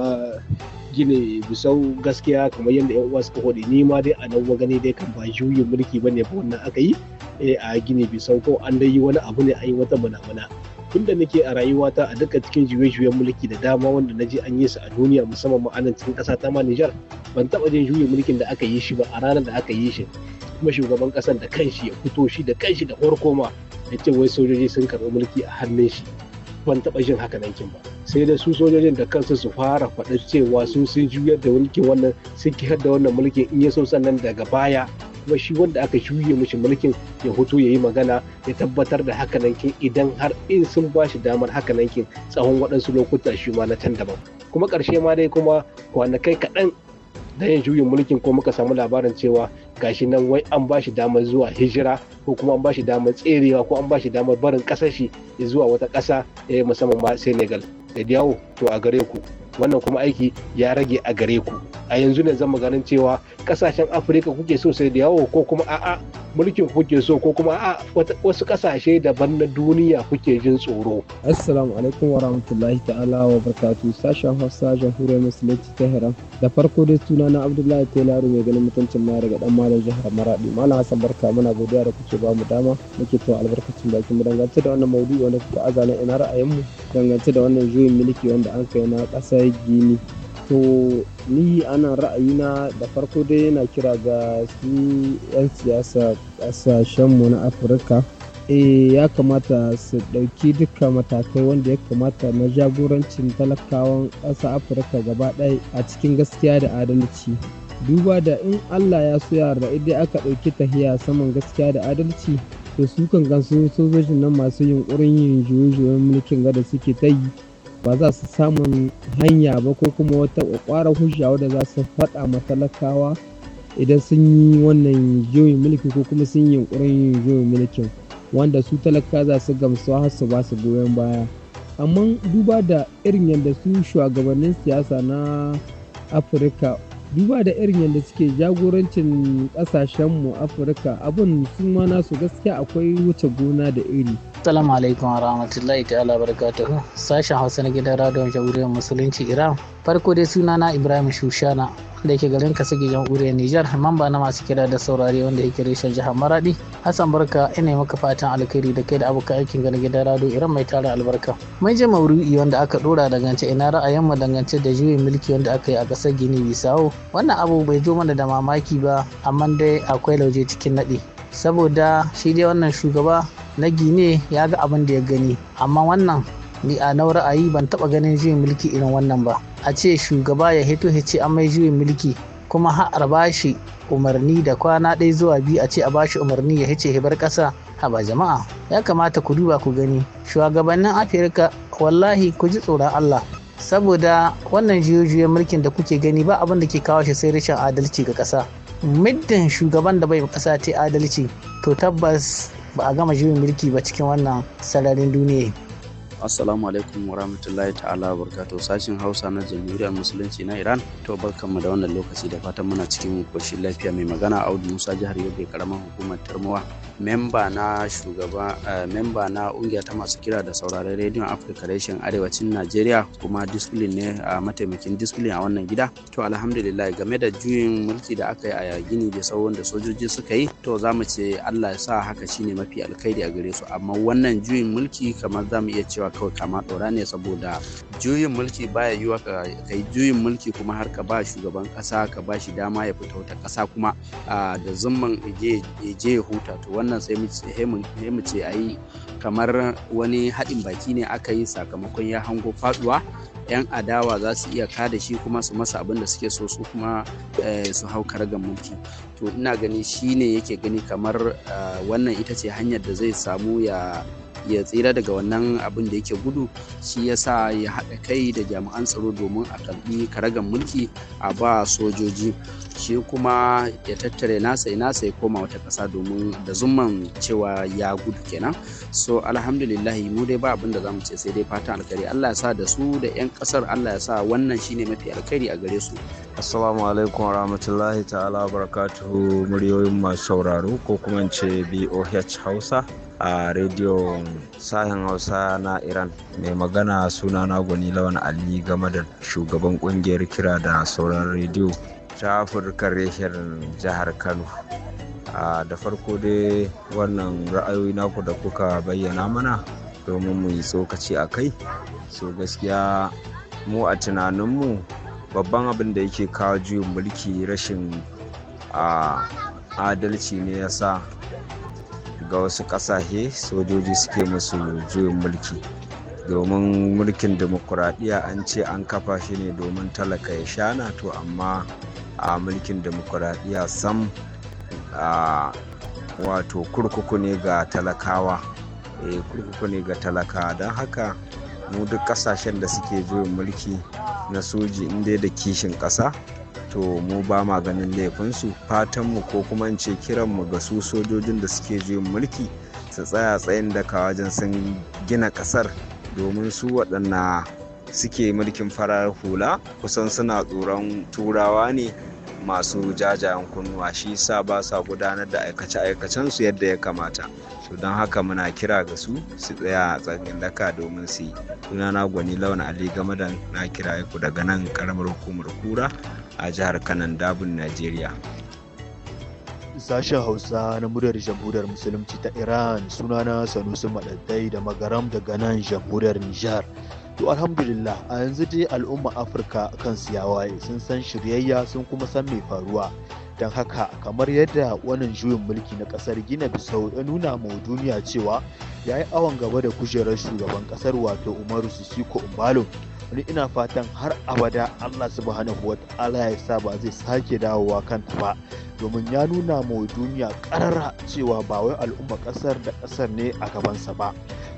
gine bisau gaskiya kamar yadda yan uwa suka hode ni ma dai a nan gani dai kan ba juyin mulki bane ba wannan aka yi eh, a gine bisau ko an dai yi wani abu ne an yi wata mana-mana tun da nake a rayuwata a duka cikin juye-juyen mulki da dama wanda na je an yi su a duniya musamman ma'anar cikin ƙasa ta ma ban taɓa jin juyin mulkin da aka yi shi ba a ranar da aka yi shi kuma shugaban ƙasar da kanshi ya fito shi da kanshi da farko ma ya ce wai sojoji sun karɓi mulki a hannun shi ban taɓa jin haka nan kin ba sai dai su sojojin da kansu su fara faɗa cewa su sun juyar da mulkin wannan sun kihar da wannan mulkin in ya so sannan daga baya kuma shi wanda aka shuye mishi mulkin ya hutu ya yi magana ya tabbatar da hakanankin idan har in sun ba shi damar hakanankin tsawon waɗansu lokuta shi ma na can daban kuma ƙarshe ma dai kuma kwanakai kaɗan da yin juyin mulkin ko muka samu labarin cewa gashi nan wai an ba shi damar zuwa hijira ko kuma an ba shi damar tserewa ko an ba shi damar barin ƙasar shi zuwa wata ƙasa ya eh, musamman ma senegal da yawo to a gare ku wannan kuma aiki ya rage a gare ku a yanzu ne zan ganin cewa kasashen afirka kuke so sai da yawo ko kuma a'a mulkin kuke so ko kuma a wasu kasashe daban na duniya kuke jin tsoro. Assalamu alaikum wa rahmatullahi ta'ala wa barkatu sashen Hausa jamhuriyar Musulunci Tehran. Da farko dai suna na Abdullahi Telaru mai ganin mutuncin ma daga dan malam jihar Maradi. Malam Hassan barka muna godiya da kuke bamu dama muke to albarkacin bakin mu dangance da wannan maudu'i wanda kuka azana ina ra'ayin mu dangance da wannan juyin mulki wanda an kai na ƙasar Gini To ni ana ra'ayina da farko dai yana kira ga su 'yan siyasa ƙasashenmu na Afirka. eh ya kamata su ɗauki duka matakai wanda ya kamata na jagorancin talakawan ƙasa afirka gaba ɗaya a cikin gaskiya da adalci duba da in allah ya so yarda idan aka ɗauki tahiya saman gaskiya da adalci to su kan gansu sojojin nan masu yunƙurin yin juye mulkin gada suke ta yi ba za su samun hanya ba ko kuma wata ƙwaƙwarar hujja wadda za su faɗa matalakawa idan sun yi wannan juyin mulki ko kuma sun yi yunƙurin yin mulkin wanda su talaka za su gamsuwa har su ba su goyon baya amma duba da irin yadda su shugabannin siyasa na afirka duba da irin yadda suke jagorancin ƙasashenmu afirka abin sun ma nasu gaskiya akwai wuce gona da iri Assalamu alaikum wa rahmatullahi ta'ala barakatuhu. Sashen Hausa na gidan Radon Jamhuriyar Musulunci Iran. Farko dai na Ibrahim Shushana da yake garin Kasige Jamhuriyar Nijar, mamba na masu kira da saurari wanda yake reshen jihar Maradi. Hassan Barka ina maka fatan alkhairi da kai da abokan aikin gani gidan Rado Iran mai tara albarka. Mai je mauru'i wanda aka dora dangance ina ra'ayin mu dangance da juyin mulki wanda aka yi a ƙasar Gini bisawo Wannan abu bai zo mana da mamaki ba, amma dai akwai lauje cikin naɗi. saboda shi dai wannan shugaba na gine ya ga abin da ya gani amma wannan ni a na ra'ayi ban taba ganin juyin mulki irin wannan ba a ce shugaba ya hito ya ce an mai juyin mulki kuma har bashi umarni da kwana ɗaya zuwa biyu a ce a bashi umarni ya hice hibar ƙasa ba jama'a ya kamata ku duba ku gani shugabannin afirka wallahi ku ji tsoron allah saboda wannan juyoyin mulkin da kuke gani ba abin da ke kawo shi sai rashin adalci ga ƙasa muddin shugaban da bai ƙasa ta adalci to tabbas ba a gama juyin mulki ba cikin wannan sararin duniya Assalamu alaikum wa rahmatullahi ta'ala wa barakatuh sashin Hausa na Jamhuriyar Musulunci na Iran. To barkanmu da wannan lokaci da fatan muna cikin koshin lafiya mai magana Audu Musa jihar Yobe karamar hukumar Tarmuwa. Memba na shugaba eh, na ungiya ta masu kira da sauraron rediyon Africa Reshen Arewacin Najeriya kuma discipline ne a eh, mataimakin discipline a wannan gida. To alhamdulillah game da juyin mulki da aka yi a Gini da sauran da sojoji suka yi to za mu ce Allah ya sa haka shine mafi alkhairi a gare su amma wannan juyin mulki kamar za mu iya cewa kawai kama ɗora ne saboda juyin mulki baya yiwa ka yi juyin mulki kuma har ka ba shugaban kasa, ka ba shi dama ya fita wata kasa kuma da zumman je ya huta to wannan sai mu ce a yi kamar wani haɗin baki ne aka yi sakamakon ya hango faɗuwa 'yan adawa za su iya kada shi kuma su masa abin da suke so su kuma eh, su hau kargan mulki to ina gani shi ne yake gani kamar wannan ita ce hanyar da zai samu ya ya tsira daga wannan abin da yake gudu shi ya sa ya haɗa kai da jami'an tsaro domin a karbi karagan mulki a ba sojoji shi kuma ya tattare nasa nasa ya koma wata ƙasa domin da zumman cewa ya gudu kenan so alhamdulillahi mu dai ba abin da zamu ce sai dai fatan alkhairi Allah ya sa da su da 'yan ƙasar Allah ya sa wannan shine mafi alkhairi a gare su assalamu alaikum warahmatullahi ta'ala barakatuhu muryoyin masu sauraro ko kuma in ce BOH Hausa a radio sahin hausa na iran mai magana suna na gwani lawan ali game da shugaban kungiyar kira da sauran radio ta afirka reshen jihar kano da farko dai wannan ra'ayoyi naku da kuka bayyana mana domin mu yi tsokaci a kai so gaskiya mu a tunaninmu babban abin da yake kawo juyin mulki rashin adalci ne ya sa ga wasu ƙasashe sojoji suke musu juyin mulki domin mulkin demokuraɗiyya an ce an kafa shi ne domin talaka ya shana to amma a mulkin demokuraɗiyya sam a wato kurkuku ne ga talakawa e kurkuku ne ga talakawa don haka mu duk ƙasashen da suke juyin mulki na soji inda da kishin ƙasa to mu ba ma ganin laifinsu fatanmu ko kuma in ce kiranmu ga su sojojin da suke juyin mulki su tsaya tsayin daka wajen sun gina kasar domin su waɗanna suke mulkin farar hula kusan suna tsoron turawa ne masu jajayen kunnuwa shi sa ba sa gudanar da aikace aikacen su yadda ya kamata to don haka muna kira ga su su tsaya a tsakin daka domin su yi sunana gwani launa ali gamadan na kira ku daga nan karamar hukumar kura a jihar kanan dabun najeriya sashen hausa na muryar jamhuriyar musulunci ta iran sunana sanusi maɗaɗai da magaram daga nan jamhuriyar nijar to alhamdulillah a yanzu dai al'umma afirka kan siyawaye sun san shiryayya sun kuma san mai faruwa don haka kamar yadda wannan juyin mulki na kasar gina bisau ya nuna ma duniya cewa ya yi awon gaba da kujerar shugaban kasar wato umaru sisiko umbalo ni ina fatan har abada Allah subhanahu wa ta'ala ya sa ba zai sake dawowa kanta ba domin ya nuna ma duniya karara cewa ba wai al'umma kasar da kasar ne a gabansa ba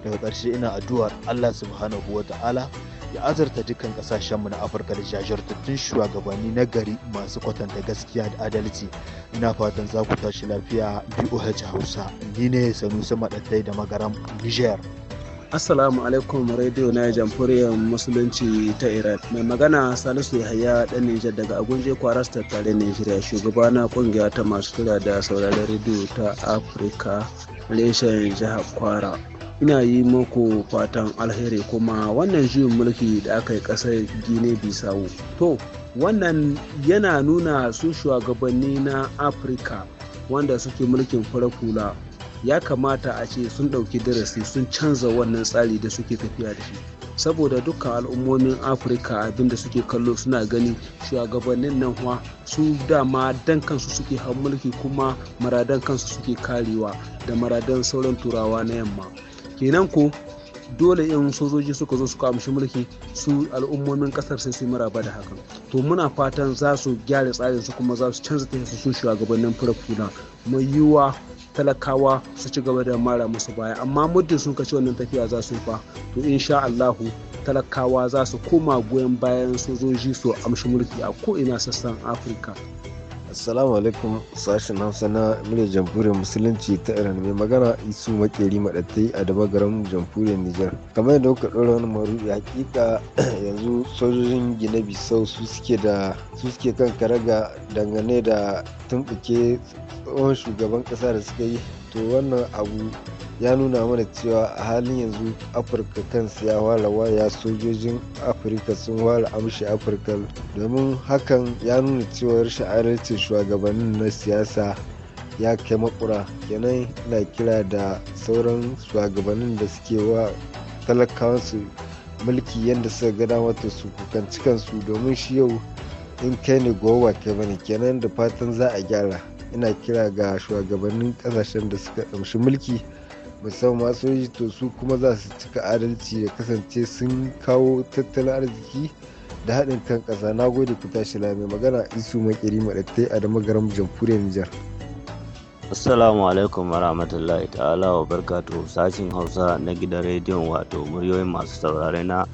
daga ƙarshe ina addu'ar Allah subhanahu wa ta'ala ya azurta dukkan kasashenmu na afirka da jajirtattun shugabanni na gari masu kwatanta gaskiya da adalci ina fatan za ku tashi lafiya boh hausa ni ne sanusi maɗatai da magaram niger Assalamu alaikum radio na jamhuriyar musulunci ta Iran. Mai magana Salisu Yahaya ɗan Nijar daga Agunje Kwaras tare Nijeriya shugaba na kungiya ta masu kira da sauraron radio ta Afirka reshen jihar Kwara. Ina yi muku fatan alheri kuma wannan juyin mulki da aka yi ƙasar Gine bissau To, wannan yana nuna su shugabanni na Afirka wanda suke mulkin farakula. ya kamata a ce sun ɗauki darasi sun canza wannan tsari da suke tafiya da shi saboda dukkan al'ummomin afirka abinda suke kallo suna gani shugabannin nan wa su dama dan kansu suke hau mulki kuma maradan kansu suke karewa da maradan sauran turawa na yamma kenan ko dole in sojoji suka zo suka amshi mulki su al'ummomin kasar sai su maraba da hakan to muna fatan za su gyara tsarin su kuma za su canza tafiya su shugabannin fura mai yiwuwa talakawa su ci gaba da mara musu baya amma muddin sun kaci wannan tafiya za su fa to insha Allahu talakawa za su koma goyon bayan sojoji su amshi mulki a ko'ina sassan afirka Assalamu alaikum sashen Hausa na muryar jamhuriyar musulunci ta Iran mai magana Isu Makeri Madatai a daba garin jamhuriyar Nijar. Kamar da kuka ɗora wani maruɗi hakika yanzu sojojin Gine Bisau su suke da su suke kan karaga dangane da tumɓuke tsohon shugaban ƙasa da suka yi to wannan abu ya nuna mana cewa a halin yanzu afirka kansu ya wala waya sojojin afirka sun wala amshi afirka domin hakan ya nuna cewa rashin shugabannin na siyasa ya kai makura kenan na kira da sauran shugabannin da suke wa talakawansu mulki yadda suka gada wata su kukanci kansu domin shi yau in kai ne gowa kai bane kenan da fatan za a gyara ina kira ga shugabannin kasashen da suka amshi mulki musamman sojoji to su kuma za su cika adalci ya kasance sun kawo tattalin arziki da haɗin kan ƙasa na gode ku tashi lami magana isu makiri maɗattai a da magaram jamhuriyar nijar Assalamu alaikum rahmatullahi ta'ala wa barkatu sashin Hausa na gidan rediyon wato muryoyin masu saurare na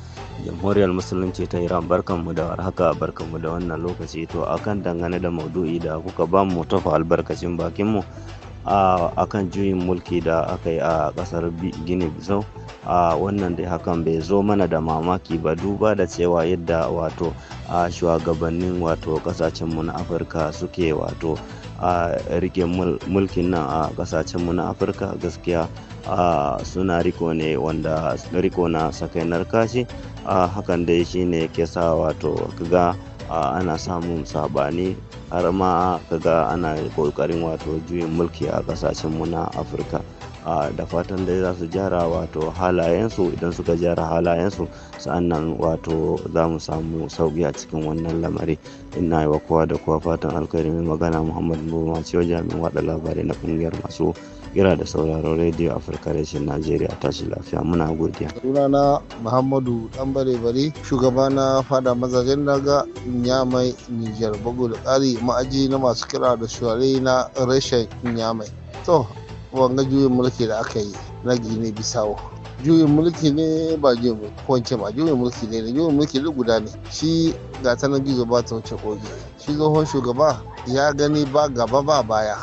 Jamhuriyar Musulunci ta Iran barkanmu da warhaka barkanmu da wannan lokaci to akan dangane da maudu'i da kuka ba mu tafa albarkacin bakinmu a kan juyin mulki da aka yi a ƙasar gini bisau a wannan dai hakan bai zo mana da mamaki ba duba da cewa yadda wato a shugabannin wato kasashenmu na afirka suke wato a rike mulkin nan a kasashenmu na afirka gaskiya a suna riko ne wanda riko na sakainar kashi a hakan dai shine ke sa wato ga ana samun saɓani har ma kaga ana ƙoƙarin wato juyin mulki a ƙasashen mu na afirka da fatan dai za su gyara wato halayensu idan suka gyara halayensu sa'annan wato za mu samu sauƙi a cikin wannan lamari ina yi wa kowa da kowa fatan alkhairi mai magana muhammadu noma ciwo jami'in waɗa labarai na ƙungiyar masu kira da sauraron radio afirka reshen najeriya tashi lafiya muna godiya sunana muhammadu dan bare shugaba na fada mazajen daga nyamai niger bugu da kari ma'aji na masu kira da shuware na reshen nyamai to wanga juyin mulki da aka yi na gine bisawo juyin mulki ne ba juyin mulki ba juyin mulki ne ne juyin mulki ne guda ne shi ga ta nan gizo ba ta wuce kogi shi tsohon shugaba ya gani ba gaba ba baya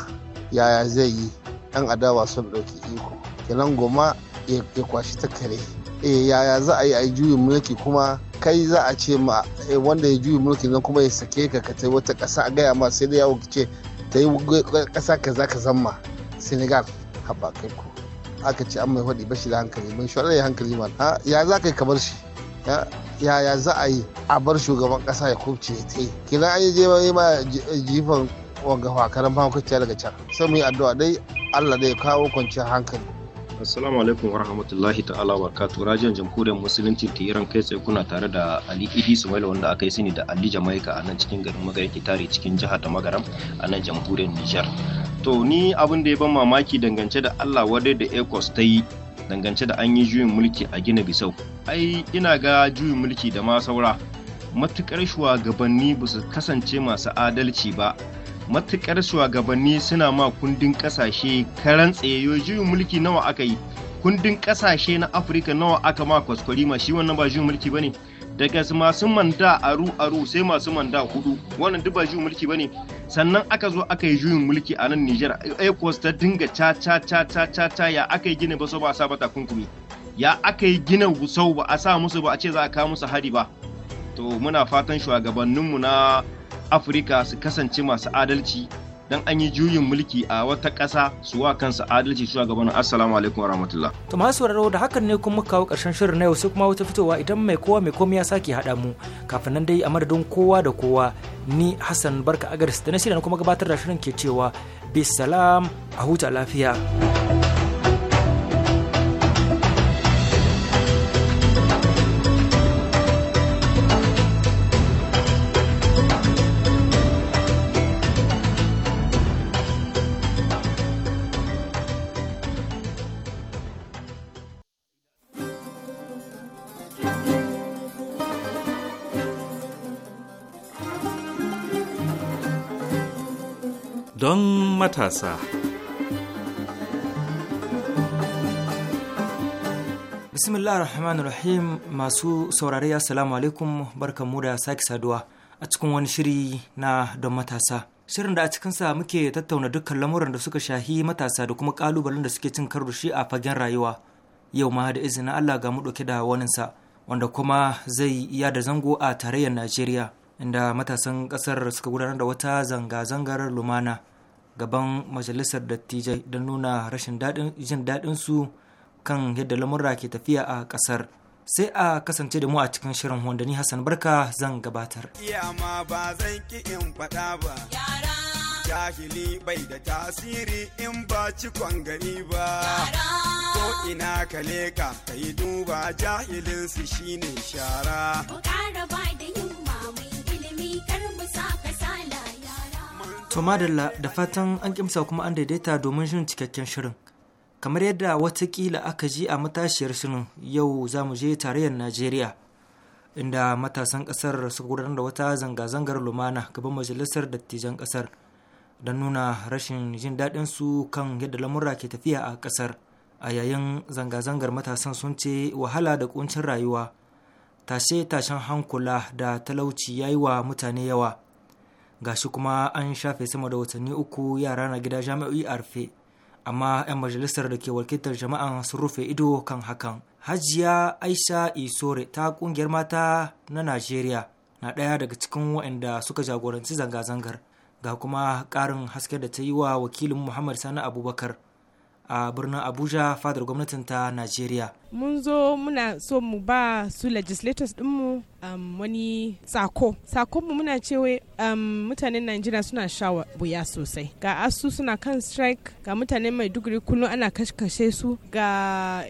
yaya zai yi 'yan adawa sun ɗauki iko kenan goma ya kwashi ta kare eh, yaya za a yi a juyin mulki kuma kai za a ce ma eh, wanda ya juyi mulki nan kuma ya sake ka ka tai wata ƙasa a gaya ma sai da yawo ce ta yi ƙasa za ka zama senegal haba kai ku aka ce an mai faɗi ba shi da hankali mun shi ya hankali ma ya za ka yi kamar shi yaya za a yi a bar shugaban ƙasa ya kubce ya ta yi kina an yi je ma jifan wanga hakaran mahaukaciya daga can sai mu yi addu'a dai allah zai kawo kwanciyar hankali Assalamu alaikum warahmatullahi ta'ala wa barakatuh. Rajin Jamhuriyar Musulunci ta Iran kai tsaye kuna tare da Ali Idi Sumaila wanda aka yi sani da Ali Jamaika a nan cikin garin Magariki tare cikin jihar da Magaram a nan Jamhuriyar Nijar. To ni abin da ya ban mamaki dangance da Allah wadai da ECOS ta yi dangance da an yi juyin mulki a Gina Bisau. Ai ina ga juyin mulki da ma saura. Matukar shuwagabanni ba su kasance masu adalci ba. matukar shugabanni suna ma kundin kasashe karan tsayayo juyin mulki nawa aka yi kundin kasashe na afirka nawa aka ma kwaskwarima shi wannan ba juyin mulki bane daga masu manda aru aru sai masu manda hudu wannan duk ba juyin mulki bane sannan aka zo aka yi juyin mulki a nan Niger ECOWAS ta dinga ca ca ca ca ca ca ya aka yi gina ba ba a sa ba takunkumi ya aka yi gina gusau ba a sa musu ba a ce za a kawo musu hari ba to muna fatan shugabanninmu na afirka su kasance masu adalci don an yi juyin mulki a wata ƙasa suwa kansu adalci suwa gabanin assalamu alaikum warahmatullah to masu sauraro da hakan ne kuma kawo ƙarshen shirin na yau sai kuma wata fitowa idan mai kowa mai komai ya sake haɗa mu kafin nan dai a madadin kowa da kowa ni hassan barka Agaris da na shirya kuma gabatar da shirin ke cewa bisalam a huta lafiya. matasa. Bismillah rahman rahim masu saurare assalamu alaikum barkanmu da sake saduwa a cikin wani shiri na don matasa. Shirin da a cikinsa muke tattauna dukkan lamuran da suka shahi matasa da kuma kalubalen da suke cin karo shi a fagen rayuwa. Yau ma da izinin Allah ga mu ɗauke da waninsa wanda kuma zai iya da zango a tarayyar Najeriya. inda matasan ƙasar suka gudanar da wata zanga-zangar lumana gaban majalisar dattijai don nuna rashin jin daɗin su kan yadda lamurra ke tafiya a ƙasar sai a kasance da mu a cikin shirin wanda hassan barka zan gabatar ma ba zan ki in faɗa ba jahili bai da tasiri in ba ci gani ba ko ina ka leka ka yi duba jahilinsu su shine shara ba da yin mamun ilimi kar mu To madalla da fatan an kimsa kuma an daidaita domin shirin cikakken shirin. Kamar yadda watakila aka ji a matashiyar shirin yau za mu je tarayyar Najeriya. Inda matasan ƙasar suka gudanar da wata zanga-zangar lumana gaban majalisar dattijan ƙasar don nuna rashin jin daɗin su kan yadda lamura ke tafiya a ƙasar. A yayin zanga-zangar matasan sun ce wahala da ƙuncin rayuwa, tashe-tashen hankula da talauci yayi wa mutane yawa. gashi kuma an shafe sama da watanni uku yara na gida jami'o'i a rufe amma 'yan majalisar da ke wakiltar jama'an sun rufe ido kan hakan hajiya aisha isore ta ƙungiyar mata na najeriya na ɗaya daga cikin waɗanda suka jagoranci zanga-zangar ga kuma ƙarin haske da ta yi wa wakilin muhammad sani abubakar a birnin abuja fadar gwamnatin ta najeriya mun zo muna so mu ba su legislators dinmu um, wani sako mu muna cewa um, mutanen najeriya suna sha buya sosai ga asu suna kan strike ga mutane maiduguri kullum ana kashe su ga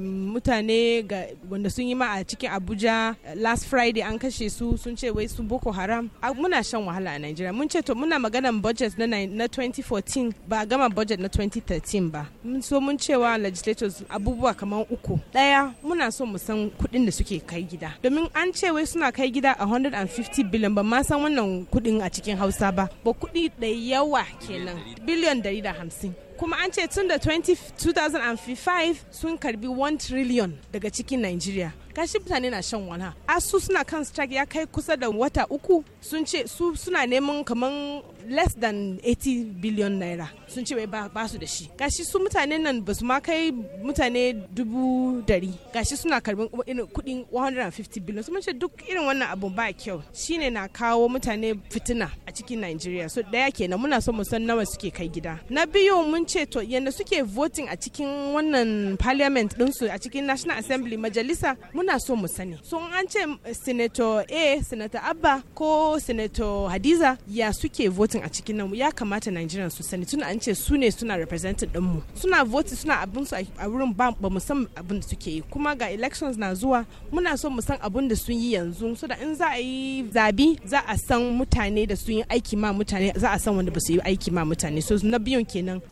mutane ga wanda sun yi ma a cikin abuja last friday an kashe su sun ce wai su boko haram muna shan wahala a najeriya mun ce to muna maganan budget na, na 2014 ba gama budget na 2013 ba so mun cewa legislators abubuwa kamar uku Daya muna so mu san kuɗin da suke kai gida. Domin an ce wai suna kai gida a 150 biliyan ba ma san wannan kuɗin a cikin Hausa ba. Ba kuɗi da yawa kenan. Biliyan 150. kuma an ce tun da 2005 sun karbi 1 trillion daga cikin Nigeria gashi mutane na shan wani asu suna kan strike ya kai kusa da wata uku sun ce su suna neman kamar less than 80 billion naira sun ce wai ba su da shi gashi su mutanen nan ba su ma kai mutane dubu dari gashi suna karbin irin kudin 150 billion sun ce duk irin wannan abu ba kyau shine na kawo mutane fitina a cikin nigeria so daya kenan muna so mu san nawa suke kai gida na biyu mun ce to yanda suke voting a cikin wannan parliament din su a cikin National Assembly majalisa muna so mu sani so an ce eh, senator a senator abba ko senator hadiza ya suke voting a cikin nan ya kamata nigerian su sani tun an ce su ne suna representing dinmu suna voting suna abin su a wurin ba mu san abin da suke yi kuma ga elections na zuwa muna so mu san abin da sun yi yanzu so da in za a yi zabi za a san mutane da sun yi aiki ma mutane za a san wanda ba su yi aiki ma mutane so na biyun kenan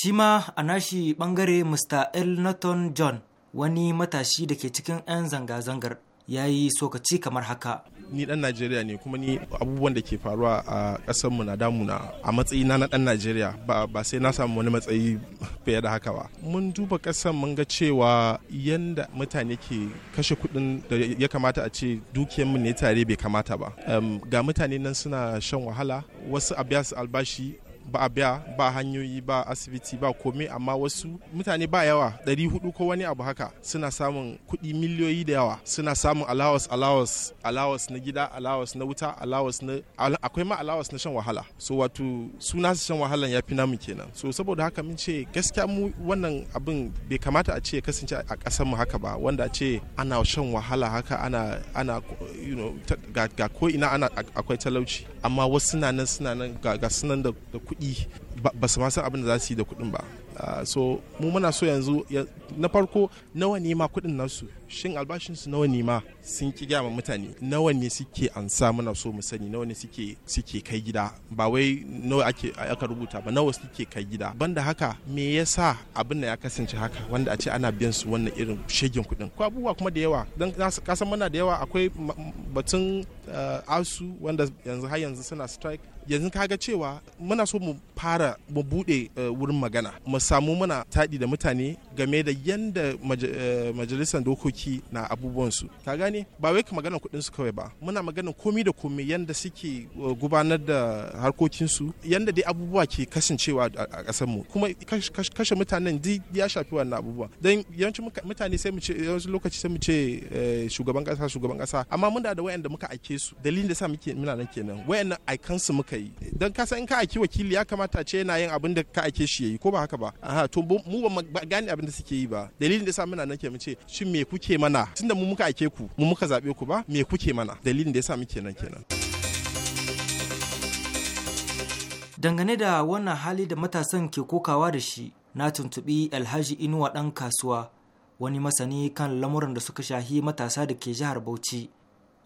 Shi ma a nashi bangare Mr. Elnaton John wani matashi da ke cikin 'yan zanga-zangar ya yi sokaci kamar haka. Ni dan Najeriya ne kuma ni abubuwan da ke faruwa a ƙasarmu na damuna a matsayi na dan Najeriya ba sai na samu wani matsayi fiye da haka ba. Mun duba ƙasar mun ga cewa yadda mutane ke kashe kuɗin da ya kamata a ce dukiyarmu ne tare bai kamata ba. Ga mutane nan suna shan wahala wasu a albashi ba a biya ba hanyoyi ba asibiti ba komai amma wasu mutane ba yawa ɗari hudu ko wani abu haka suna samun kuɗi miliyoyi da yawa suna samun alawas alawas alawas na gida alawas na wuta alawas na akwai ma alawas na shan wahala so wato suna su shan wahalan ya fi namu kenan so saboda haka mun ce gaskiya mu wannan abin bai kamata a ce kasance a ƙasar mu haka ba wanda ce ana shan wahala haka ana ana you know ga ko ina ana akwai talauci amma wasu na nan suna nan ga sunan da kuɗi i ba su san abin da za su yi da kuɗin ba ah, so mu muna so yanzu na farko nawa ne ma kuɗin nasu shin albashin su nawa ne ma sun ki gyama mutane nawa ne suke ansa muna so mu sani nawa ne suke suke kai gida ba wai nawa ake aka rubuta ba nawa suke kai gida banda haka me yasa abin da ya kasance haka wanda a ce ana biyan su wannan irin shegin kuɗin ko abubuwa kuma da yawa dan kasan muna da yawa akwai batun asu ah, wanda yanzu har yanzu suna strike yanzu kaga cewa muna so mu fara mana mu bude eh, wurin magana mu samu muna tadi da mutane game da yanda eh, majalisar dokoki na abubuwan su ka gane ba wai ka magana kudin su kawai ba muna magana komi da komi yanda suke eh, gudanar da harkokin su yanda dai abubuwa ke kasancewa a kasar mu kuma kashe mutanen ya shafi wannan abubuwa dan yawancin mutane sai mu ce yawancin lokaci sai mu ce shugaban kasa shugaban kasa amma mun da wayanda muka aike su dalilin da sa muke muna nan kenan wayannan aikansu muka yi don kasa in ka aiki wakili ya kamata ce shi yana yin abin da ka ake shi yayi ko ba haka ba aha to mu ba gane abin da suke yi ba dalilin da yasa muna nake mu ce shin me kuke mana tunda mu muka ake ku mu muka zabe ku ba me kuke mana dalilin da yasa muke nan kenan dangane da wannan hali da matasan ke kokawa da shi na tuntubi alhaji inuwa dan kasuwa wani masani kan lamuran da suka shahi matasa da ke jihar bauchi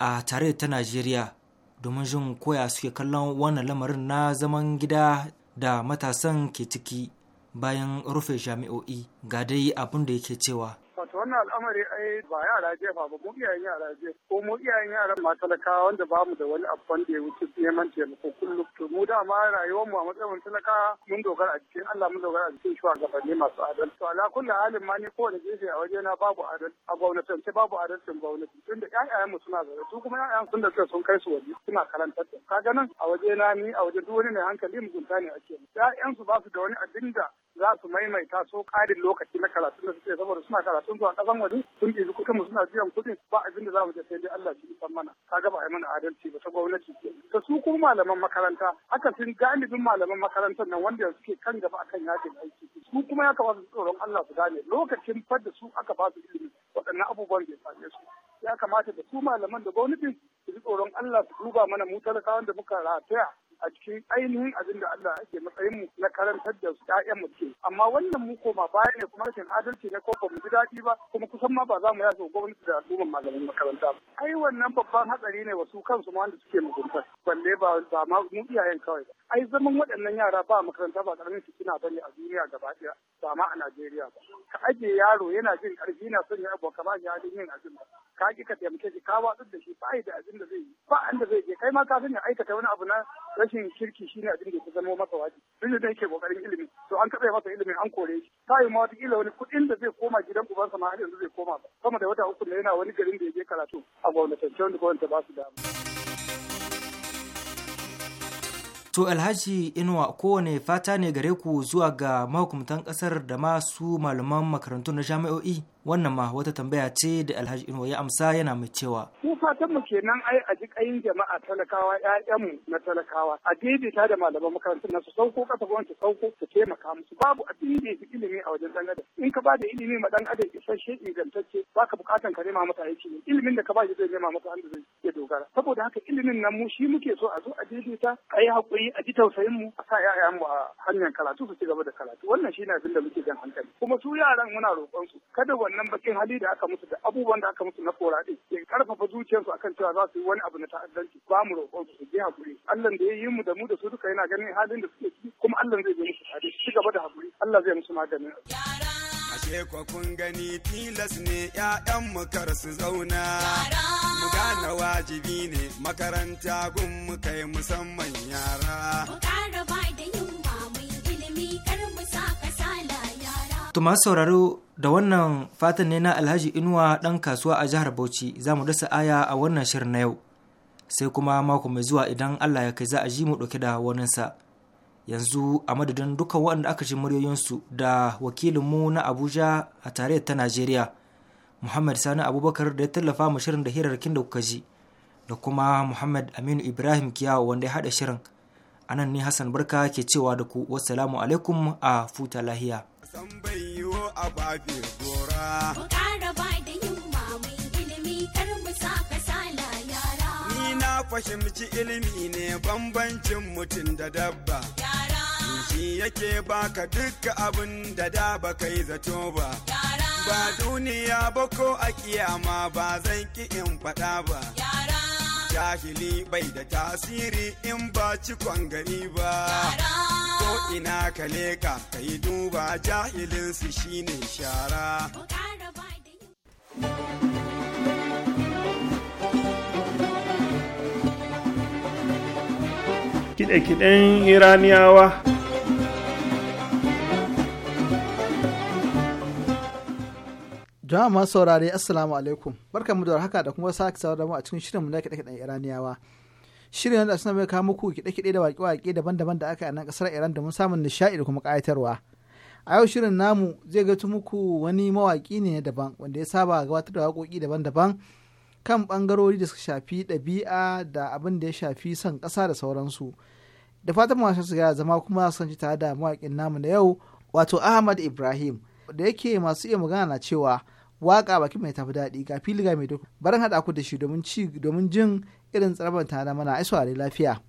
a tare ta najeriya domin jin koya suke kallon wannan lamarin na zaman gida da matasan ke ciki bayan rufe jami'o'i ga dai abin da yake cewa Wato wannan al'amari ai ba yara jefa ba mu iyayen yara je ko mu iyayen yara ma talakawa wanda ba mu da wani abban da ya wuce neman taimako kullum. To mu dama rayuwar mu a matsayin talakawa mun dogara a cikin Allah mun dogara a cikin shugabanni masu adal. To ala kulli halin ma ni kowane gefe a waje na babu adal? a sai babu adal adalcin gwamnati tunda ƴaƴayen mu suna zaune su kuma ƴaƴan sun da suka sun kai su waje suna karantar da. Kaga nan a waje na ni a waje duk wani mai hankali mugunta ne ake. Ƴaƴan su ba su da wani abin da za su maimaita so karin lokaci na karatun da suke saboda suna karatun zuwa kasan waje sun ɗibi kuɗin mu suna biyan kuɗin ba abin da za mu je sai dai Allah shi san mana ka ga a yi mana adalci ba ta gwamnati ta su kuma malaman makaranta haka sun galibin malaman makarantar nan wanda suke kan gaba akan yakin aiki su kuma ya kamata su tsoron Allah su gane lokacin fadda su aka ba su ilimi waɗannan abubuwan bai same su ya kamata da su malaman da gwamnatin su ji tsoron Allah su duba mana mu talakawan da muka rataya a cikin ainihin abin da Allah ake matsayin mu na karantar da su ƴaƴan mu ke amma wannan mu koma baya ne kuma rashin adalci ne ko mu ji daɗi ba kuma kusan ma ba za mu yafe gwamnati da al'umman malamin makaranta ba ai wannan babban hatsari ne wasu kansu ma wanda suke mugunta balle ba ba ma mu iyayen kawai ba ai zaman waɗannan yara ba makaranta ba ƙaramin fitina bane a duniya gaba ɗaya ba ma a Najeriya ba ka ajiye yaro yana jin ƙarfi yana son ya abu ba ya yin abin ba. ka ki ka taimake shi ka watsar da shi ba da abin da zai yi ba an da zai je kai ma ka sanya aikata wani abu na rashin kirki shine abin da ya zama masa wajibi duk da yake kokarin ilimi to an katsaye masa ilimin an kore shi yi ma wata kila wani kuɗin da zai koma gidan ubansa ma har yanzu zai koma ba sama da wata uku ne yana wani garin da ya je karatu a gwamnatance wanda gwamnati ba su dama. To Alhaji Inuwa kowane fata ne gare ku zuwa ga mahukumtan kasar da masu malaman makarantu na jami'o'i wannan ma wata tambaya ce da Alhaji Inuwa ya amsa yana mai cewa. Mu fatan mu kenan ai a ji kayin jama'a talakawa ƴaƴanmu na talakawa a daidaita da malaman makarantu na su sauko kasa gwamnati su sauko su taimaka musu babu abin da su ilimi a wajen dan adam in ka ba da ilimi ma dan adam isasshe ingantacce baka bukatan ka nema masa aiki ilimin da ka ba shi zai nema masa an da zai ya dogara saboda haka ilimin nan mu shi muke so a zo a daidaita a yi hakuri a ji tausayin mu a sa ƴaƴan mu a hanyar karatu su ci gaba da karatu wannan shine abin da muke jan hankali kuma su yaran muna roƙon su kada wannan bakin hali da aka musu da abubuwan da aka musu na koraɗe ya karfafa zuciyarsu akan cewa za su yi wani abu na ta'addanci ba mu roƙon su su je hakuri Allah da ya yi mu da mu da su duka yana ganin halin da suke ciki kuma Allah zai yi musu tare ci gaba da hakuri Allah zai musu maganin. ashe ko kun gani tilas ne ƴaƴan mu kar su zauna mu gane wajibi ne makaranta gun mu kai musamman yara mu da yunwa ilimi kar mu sa kasala to masu sauraro da wannan fatan ne na Alhaji Inuwa ɗan kasuwa a jihar Bauchi za mu dasa aya a wannan shirin na yau sai kuma mako mai zuwa idan Allah ya kai za a ji mu ɗauke da waninsa. yanzu a madadin duka waɗanda aka ji muryoyinsu da wakilinmu na abuja a tarayyar ta najeriya muhammad sani abubakar da ya tallafa mu shirin da hirarkin da kuka ji da kuma muhammad aminu ibrahim kiyawa wanda ya haɗa shirin a nan ne hassan barka ke cewa da ku wasalamu alaikum a futa lahiya. San a gora. na fahimci ilimi ne bambancin mutum da dabba. Shi yake baka dukka abin da da baka yi zato ba. Ba duniya ba ko a kiyama ba zan ki in faɗa ba. Jahili bai da tasiri in ba ci gari ba. Ko ina ka leka ka yi duba jahilinsu shine shara. kiɗe-kiɗen iraniyawa jama'a masu saurare assalamu alaikum barkan mu da haka da kuma sake da mu a cikin shirinmu na kiɗe-kiɗen iraniyawa shirin da suna mai kawo muku kiɗe-kiɗe da waƙe-waƙe daban-daban da aka yi a nan ƙasar iran domin samun nishaɗi da kuma ƙayatarwa a yau shirin namu zai gato muku wani mawaƙi ne daban wanda ya saba gabatar da waƙoƙi daban-daban kan bangarori da suka shafi ɗabi'a da abin da ya shafi son ƙasa da sauransu da fatan masu su zama kuma son ci tare da mawaƙin namu na yau wato ahmad ibrahim da yake masu iya magana na cewa waƙa baki mai tafi daɗi ga filiga mai duk barin haɗa ku da shi domin jin irin tsarabar tare mana aisuwa lafiya.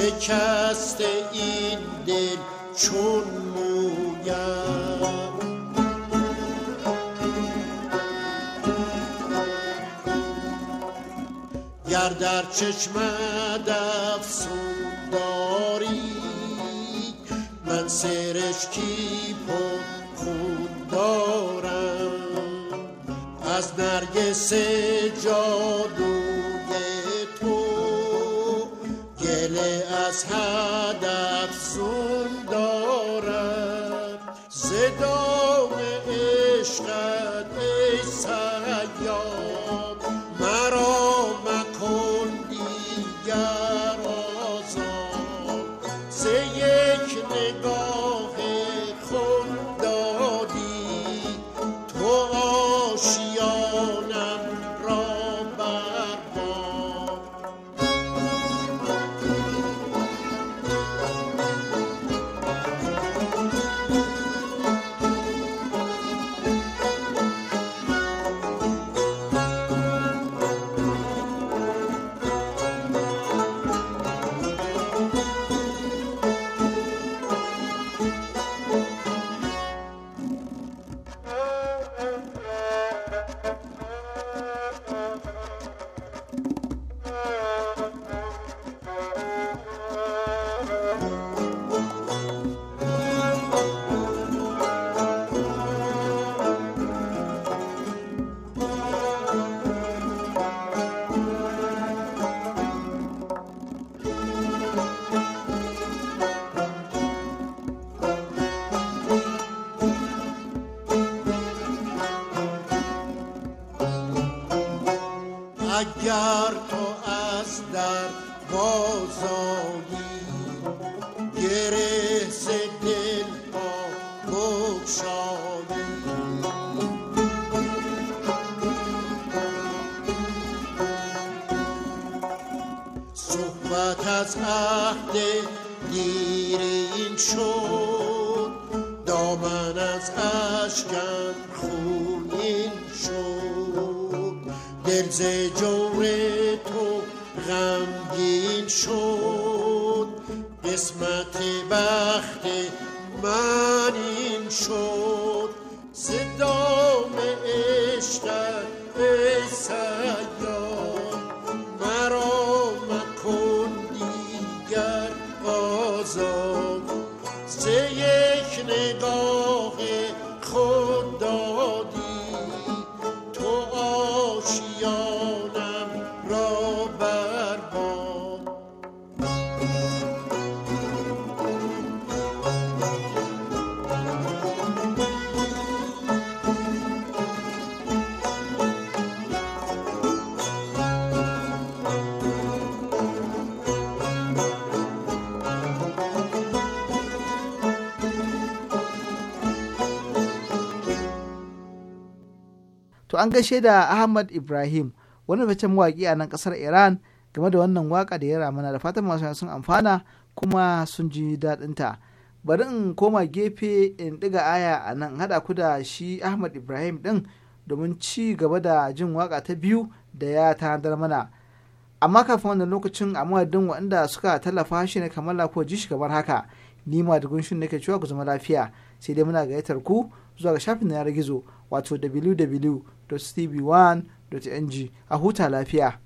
شکست این دل چون مویم گر در چشمم اشکم خونین شد دل ز جور تو غمگین شد قسمت بخت من این شد صدام عشق ای سر an gaishe da Ahmad Ibrahim wani fitaccen mawaƙi a nan ƙasar Iran game da wannan waka da ya ramana da fatan masu sun amfana kuma sun ji daɗinta. Bari in koma gefe in ɗiga aya a nan hada ku da shi Ahmad Ibrahim ɗin domin ci gaba da jin waka ta biyu da ya tanadar mana. Amma kafin wannan lokacin a madadin waɗanda suka tallafa shi ne kamar ko ji shi kamar haka. Ni ma da gunshin nake cewa ku zama lafiya sai dai muna gayyatar ku zuwa ga shafin yanar gizo wato www www.tv1.ng a huta lafiya.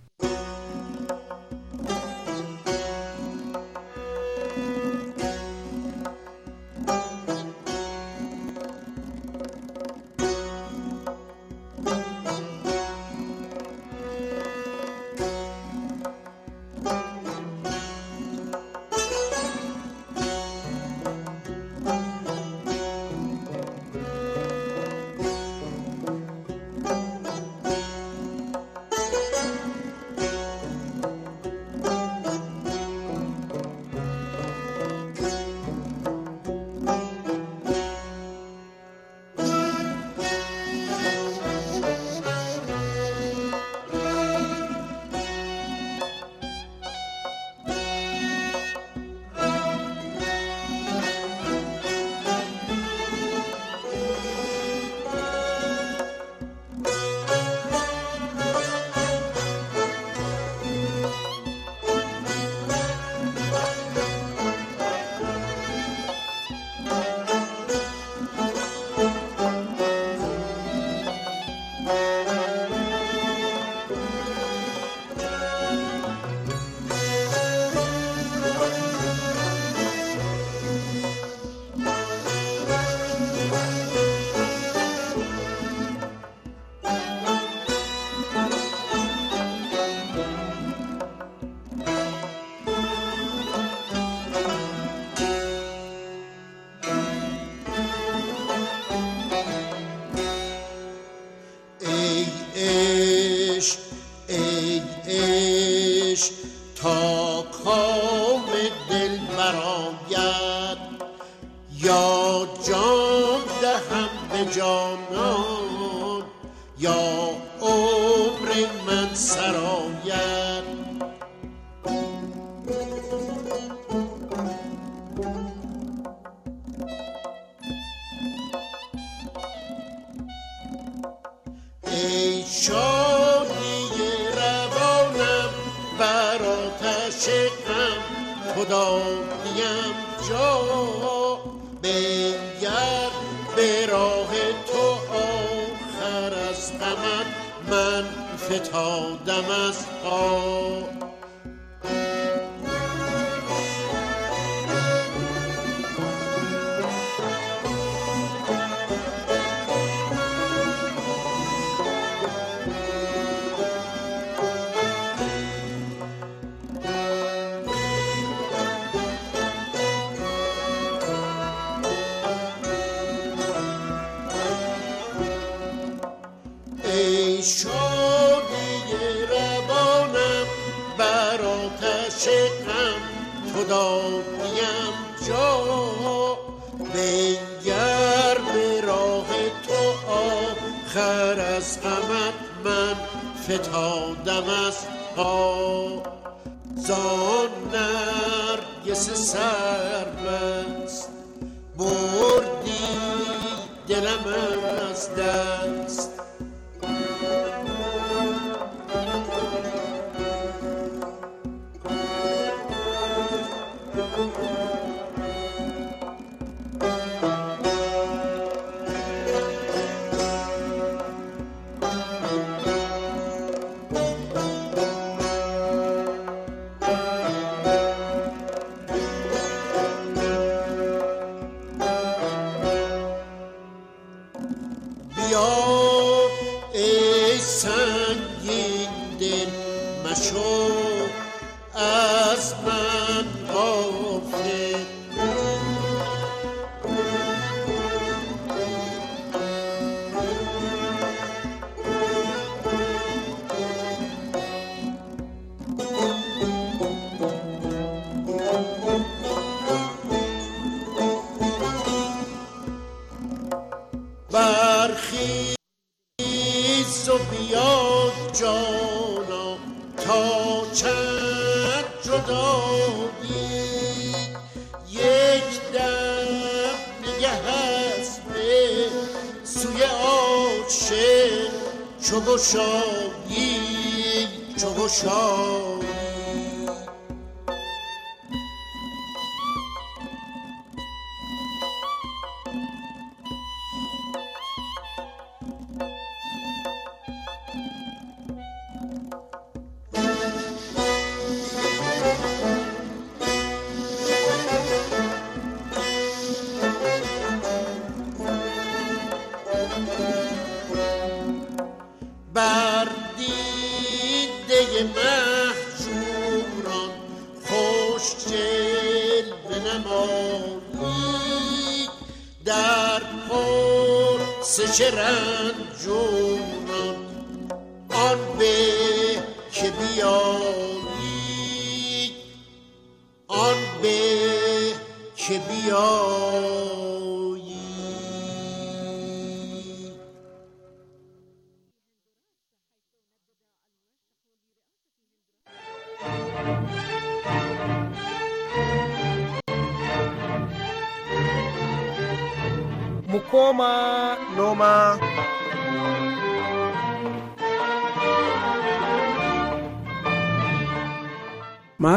husband.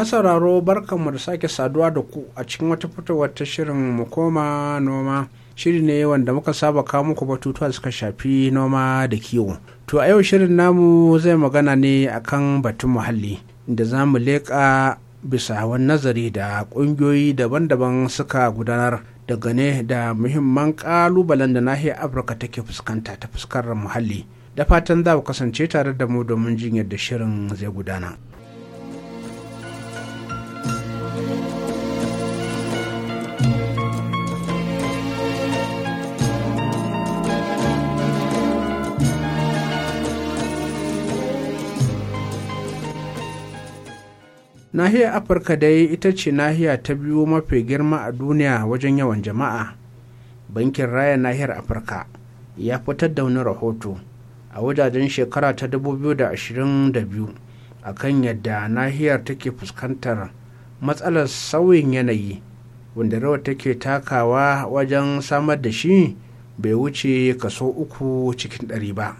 sauraro barkanmu da sake saduwa da ku a cikin wata fitowar ta shirin mu koma noma shiri ne wanda muka saba kawo muku batutuwa suka shafi noma da kiwo to a yau shirin namu zai magana ne akan batun muhalli da za mu leƙa bisa wani nazari da ƙungiyoyi daban-daban suka gudanar ne da muhimman ƙalubalen da nahiyar afirka take fuskanta ta fuskar muhalli da fatan za ku kasance tare da mu domin jin yadda shirin zai gudana. nahiyar afirka dai ita ce nahiya ta biyu mafi girma a duniya wajen yawan jama'a bankin raya nahiyar afirka ya fitar da wani rahoto a wajajen shekara ta 2022 kan yadda nahiyar take fuskantar matsalar sauyin yanayi wanda rawar take takawa wajen samar da shi bai wuce kaso uku cikin ɗari ba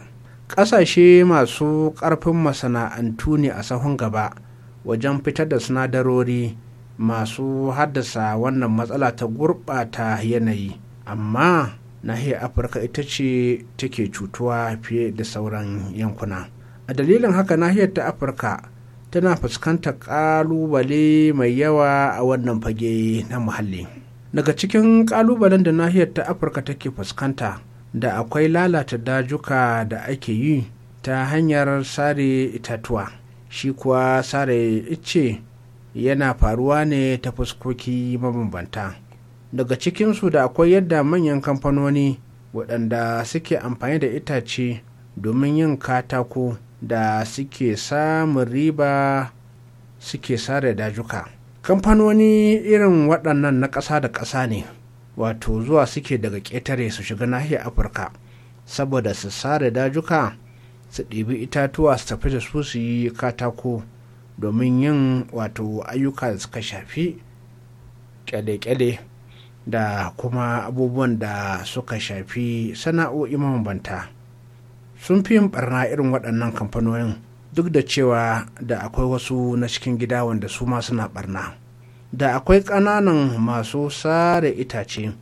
ƙasashe masu ƙarfin masana'antu ne a sahun gaba wajen fitar da sinadarori masu haddasa wannan matsala ta gurɓata yanayi amma nahiyar afirka ita ce take cutuwa fiye da sauran yankuna a dalilin haka nahiyar ta afirka tana fuskantar ƙalubale mai yawa a wannan fage na muhalli daga cikin ƙalubalen da nahiyar ta afirka take fuskanta da akwai lalata dajuka da ake yi ta hanyar sare itatuwa shi kuwa sare ice yana faruwa ne ta fuskoki mabambanta daga cikinsu da akwai yadda manyan kamfanoni waɗanda suke amfani da itace domin yin katako da suke samun riba suke sare dajuka kamfanoni irin waɗannan na ƙasa da ƙasa ne wato zuwa suke daga ƙetare su shiga nahiyar afirka saboda su sare dajuka su ɗibi itatuwa su tafi da su su yi katako domin yin wato ayyuka da suka shafi ƙyale kyale da kuma abubuwan da suka shafi sana'o'i mabambanta sun fi yin barna irin waɗannan kamfanonin duk da cewa da akwai wasu na cikin gida wanda su ma suna barna da akwai ƙananan masu sare itace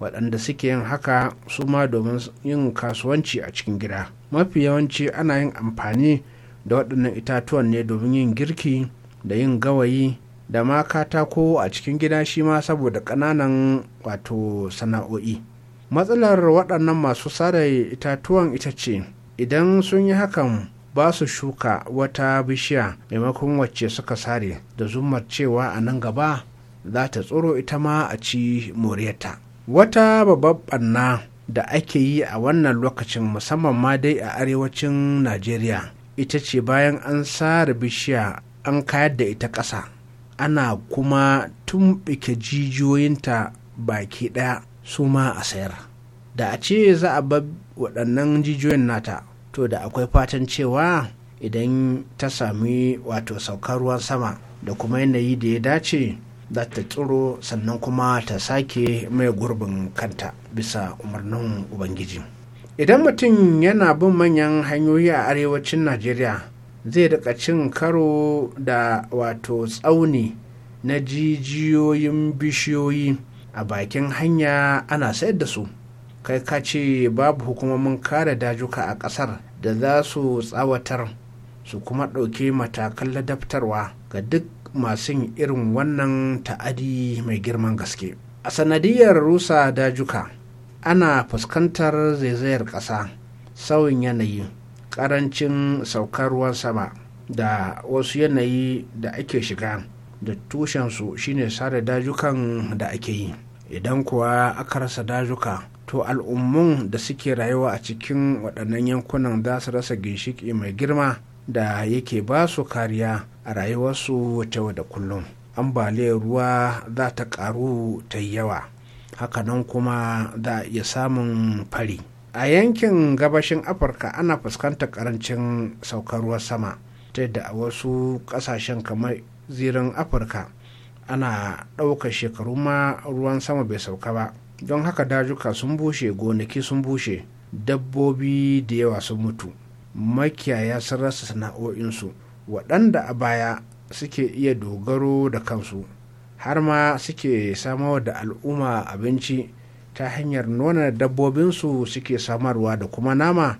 waɗanda suke yin haka su ma domin yin kasuwanci a cikin gida mafi yawanci ana yin amfani da waɗannan itatuwan ne domin yin girki da yin gawayi da ma katako a cikin gida shi ma saboda ƙananan wato sana'o'i matsalar waɗannan masu sada itatuwan ita ce idan sun yi hakan ba su shuka wata bishiya maimakon wacce suka sare da zumar cewa a nan gaba za ta tsoro ita ma a ci moriyarta wata babban ɓanna da ake yi a wannan lokacin musamman ma dai a arewacin najeriya ita ce bayan an sare bishiya an kayar da ita ƙasa ana kuma tumɓike jijiyoyinta baki ɗaya su ma a sayar da a ce za a bar waɗannan jijiyoyin nata to da akwai fatan cewa idan ta sami wato saukar ruwan sama da kuma yanayi da ya dace za ta tsiro sannan kuma ta sake mai gurbin kanta bisa umarnin ubangiji idan mutum yana bin manyan hanyoyi a arewacin najeriya zai daga cin karo da wato tsauni na jijiyoyin bishiyoyi a bakin hanya ana sayar da su kai ka ce babu hukumomin kare dajuka a ƙasar da za su tsawatar su kuma ɗauki matakan ladabtarwa ga duk masu irin wannan ta'adi mai girman gaske a sanadiyar rusa dajuka ana fuskantar zaizayar ƙasa sauyin yanayi ƙarancin saukar ruwan sama da wasu yanayi da ake shiga da tushensu shine sare dajukan da ake yi idan kuwa aka rasa dajuka to al'ummun da suke rayuwa a cikin waɗannan yankunan za su rasa ginshiƙi mai girma da yake ba su kariya a rayuwarsu ta da kullum ambaliyar ruwa za ta ƙaru ta yawa hakanan kuma da ya iya samun fari a yankin gabashin afirka ana fuskantar karancin saukar ruwan sama ta yadda a wasu kasashen kamar zirin afirka ana ɗaukar shekaru ma ruwan sama bai sauka ba don haka dajuka sun bushe gonaki sun bushe dabbobi da yawa sun mutu makiyaya sun rasa sana'o'insu waɗanda a baya suke iya dogaro da kansu har ma suke samar da al'umma abinci ta hanyar nuna dabbobinsu suke samarwa da kuma nama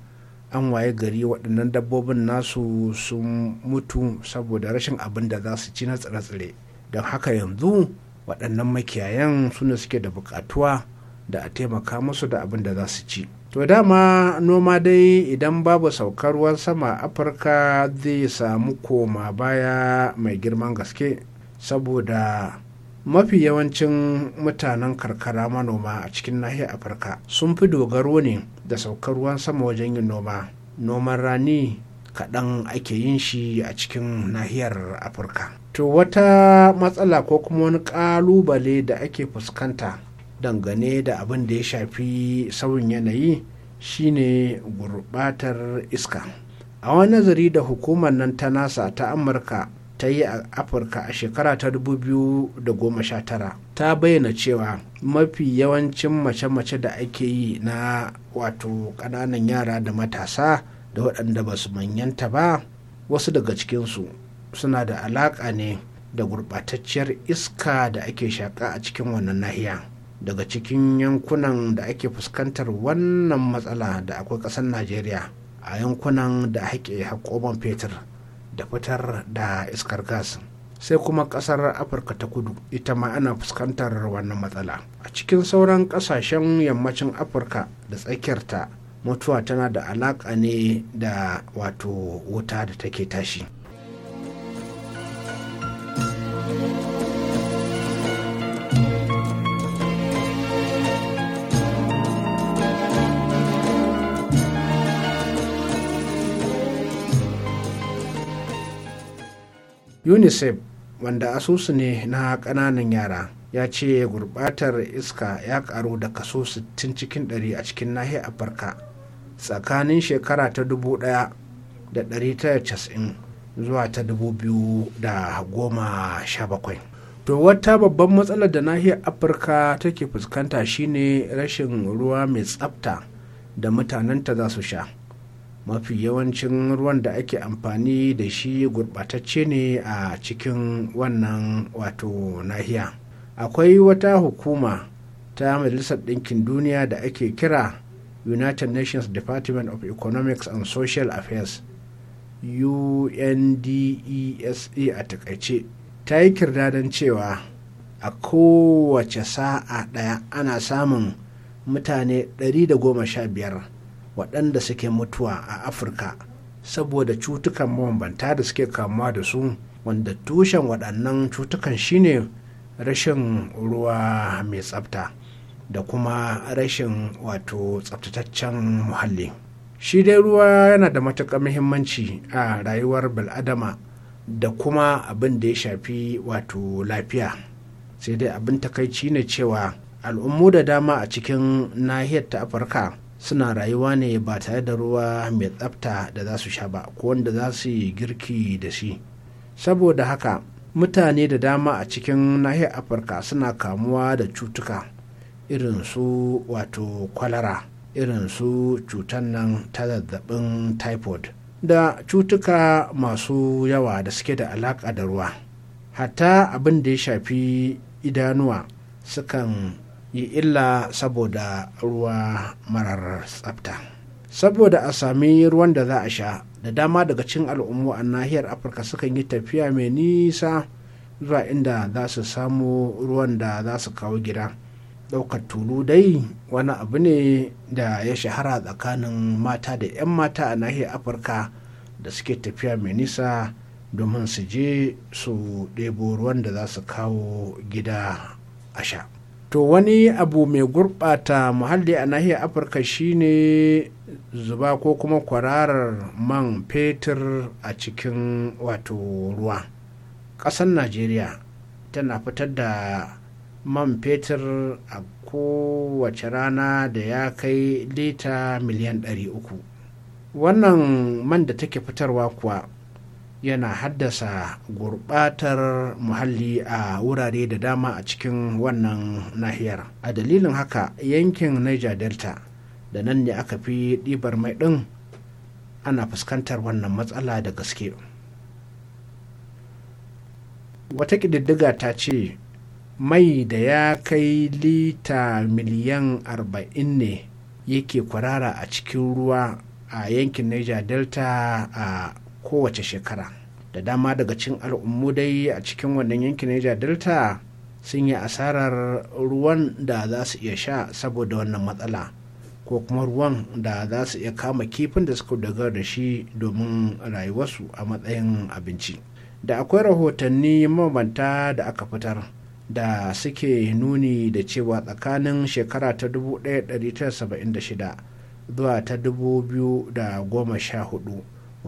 an waye gari waɗannan dabbobin nasu sun mutu saboda rashin abin da za su ci na tsire-tsire don haka yanzu waɗannan makiyayan suna suke da buƙatuwa da a taimaka musu da abin da za su ci to dama noma dai idan babu saukar ruwan sama afirka zai samu koma baya mai girman gaske saboda mafi yawancin mutanen karkara manoma a cikin nahiyar afirka sun fi dogaro ne da saukar ruwan sama wajen yin noma noman rani kaɗan ake yin shi a cikin nahiyar afirka to wata matsala ko kuma wani ƙalubale da ake fuskanta dangane da abin da ya shafi sauyin yanayi shine gurbatar iska a wani nazari da hukumar nan ta nasa ta amurka ta yi a afirka a shekara ta 2019 ta bayyana cewa mafi yawancin mace-mace da ake yi na wato ƙananan yara da matasa da waɗanda ba su manyanta ba wasu daga cikinsu suna da alaƙa ne da gurɓatacciyar iska da ake shaƙa a cikin wannan nahiya daga cikin yankunan da ake fuskantar wannan matsala da akwai ƙasar najeriya a yankunan da haƙe haƙoban fetur da fitar da iskar gas sai kuma kasar afirka ta kudu ita ma ana fuskantar wannan matsala a cikin sauran kasashen yammacin afirka da tsakiyarta mutuwa tana da alaƙa ne da wato wuta da take tashi unicef wanda asusu ne na kananan yara ya ce gurbatar iska ya karu da kaso 60 cikin 100 a cikin nahiyar afirka tsakanin shekara ta 1990 zuwa ta 2017 to wata babban matsalar da nahiyar afirka take fuskanta shine rashin ruwa mai tsafta da mutanenta za su sha mafi yawancin ruwan da ake amfani da shi gurɓatacce ne a cikin wannan wato nahiya akwai wata hukuma ta majalisar ɗinkin duniya da ake kira united nations department of economics and social affairs undesa a takaice ta yi kirdadan cewa a kowace sa'a ɗaya ana samun mutane 115 waɗanda suke mutuwa a afirka saboda cutukan mabambanta da suke kamuwa da su wanda tushen waɗannan cutukan shine rashin ruwa mai tsafta da kuma rashin wato tsaftataccen muhalli shi dai ruwa yana da matuƙar muhimmanci a rayuwar bil'adama da kuma abin da ya shafi wato lafiya sai dai abin takaici ne cewa al'ummu da dama a cikin nahiyar ta afirka suna rayuwa ne ba tare da ruwa mai tsafta da za su sha ba ko wanda za su yi girki da shi saboda haka mutane da dama a cikin nahiyar afirka suna kamuwa da cutuka irin su wato kwalara irin su cutar nan ta zazzabin typhoid da cutuka masu yawa da suke da alaƙa da ruwa hatta abin da ya shafi idanuwa sukan yi illa saboda ruwa marar tsafta saboda a sami ruwan da za a sha da dama daga cin al'ummu a nahiyar afirka sukan yi tafiya mai nisa zuwa inda za su samu ruwan da za su kawo gida ɗaukar tulu dai wani abu ne da ya shahara tsakanin mata da 'yan mata a nahiyar afirka da suke tafiya mai nisa domin su je su ɗebo ruwan da za su kawo gida a sha to wani abu mai gurɓata muhalli a nahiyar afirka shine zuba ko kuma kwararar man fetur a cikin wato ruwa ƙasar najeriya tana fitar da man fetur a kowace rana da ya kai lita miliyan 300 wannan man da take fitarwa kuwa yana haddasa gurbatar muhalli a wurare da dama a cikin wannan nahiyar a dalilin haka yankin niger delta da nan ne aka fi ɗibar mai ɗin ana fuskantar wannan matsala da gaske wata ƙididdiga ta ce mai da ya kai lita miliyan 40 ne yake kwarara a cikin ruwa a yankin niger delta a kowace shekara da dama daga cin al'ummu dai a cikin wannan yankin Niger Delta sun yi asarar ruwan da za su iya sha saboda wannan matsala ko kuma ruwan da za su iya kama kifin da suka dogara da shi domin rayuwarsu a matsayin abinci da akwai rahotanni mabanta da aka fitar da suke nuni da cewa tsakanin shekara ta 1976 zuwa ta 2014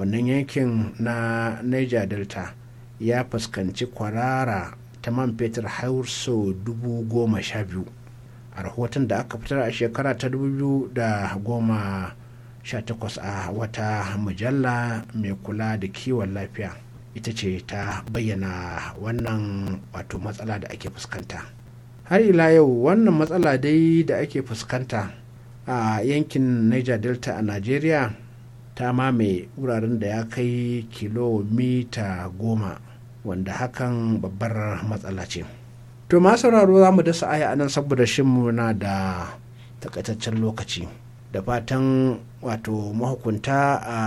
wannan yankin na niger delta ya fuskanci kwarara ta man fetur har sau dubu goma sha biyu a rahoton da aka fitar a shekara ta dubu biyu da goma sha takwas a wata mujalla mai kula da kiwon lafiya ita ce ta bayyana wannan wato matsala da ake fuskanta har ila yau wannan matsala dai da ake fuskanta a yankin niger delta a nigeria ta mamaye wuraren da ya kai kilomita goma wanda hakan babbar matsala ce to ma sauraro za mu dasa aya anan saboda shinmu na da takaitaccen lokaci da fatan wato mahukunta a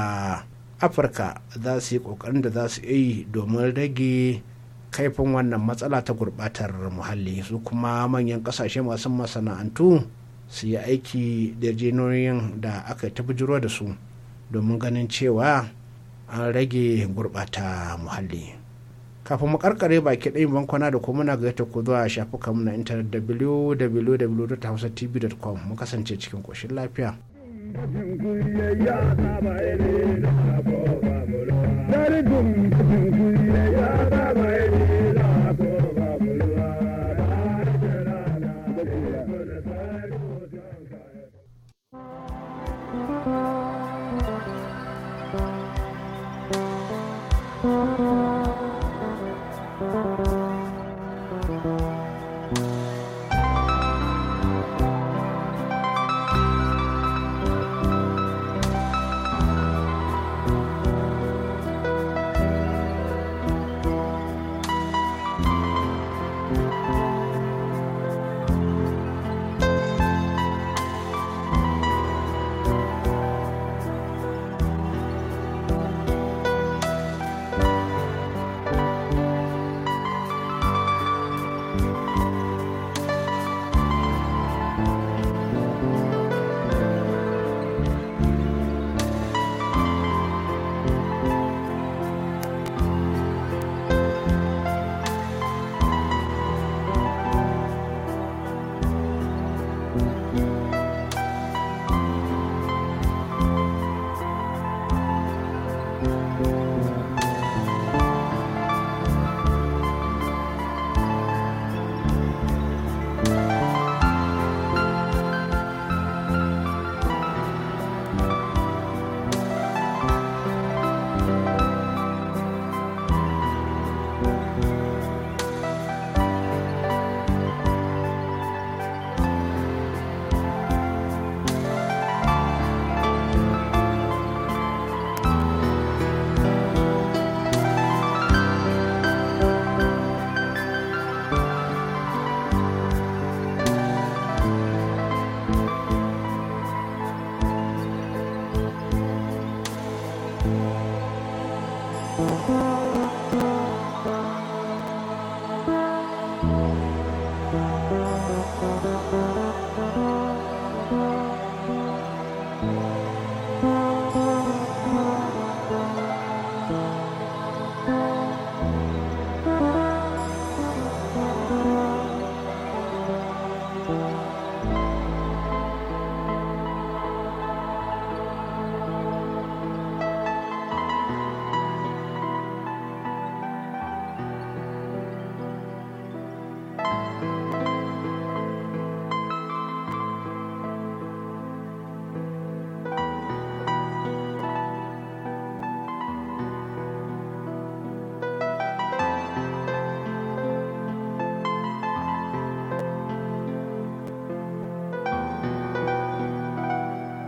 afirka za su yi kokarin da za su yi domin rage kaifin wannan matsala ta gurbatar muhalli su kuma manyan kasashe masu masana'antu su yi aiki da jinoyin da aka ta bujiro da su domin ganin cewa an rage gurɓata muhalli kafin mu karkare baki ɗayin bankwana da kuma muna gaita ku zuwa shafukanmu na intanet www.hausatv.com mu kasance cikin ƙoshin lafiya.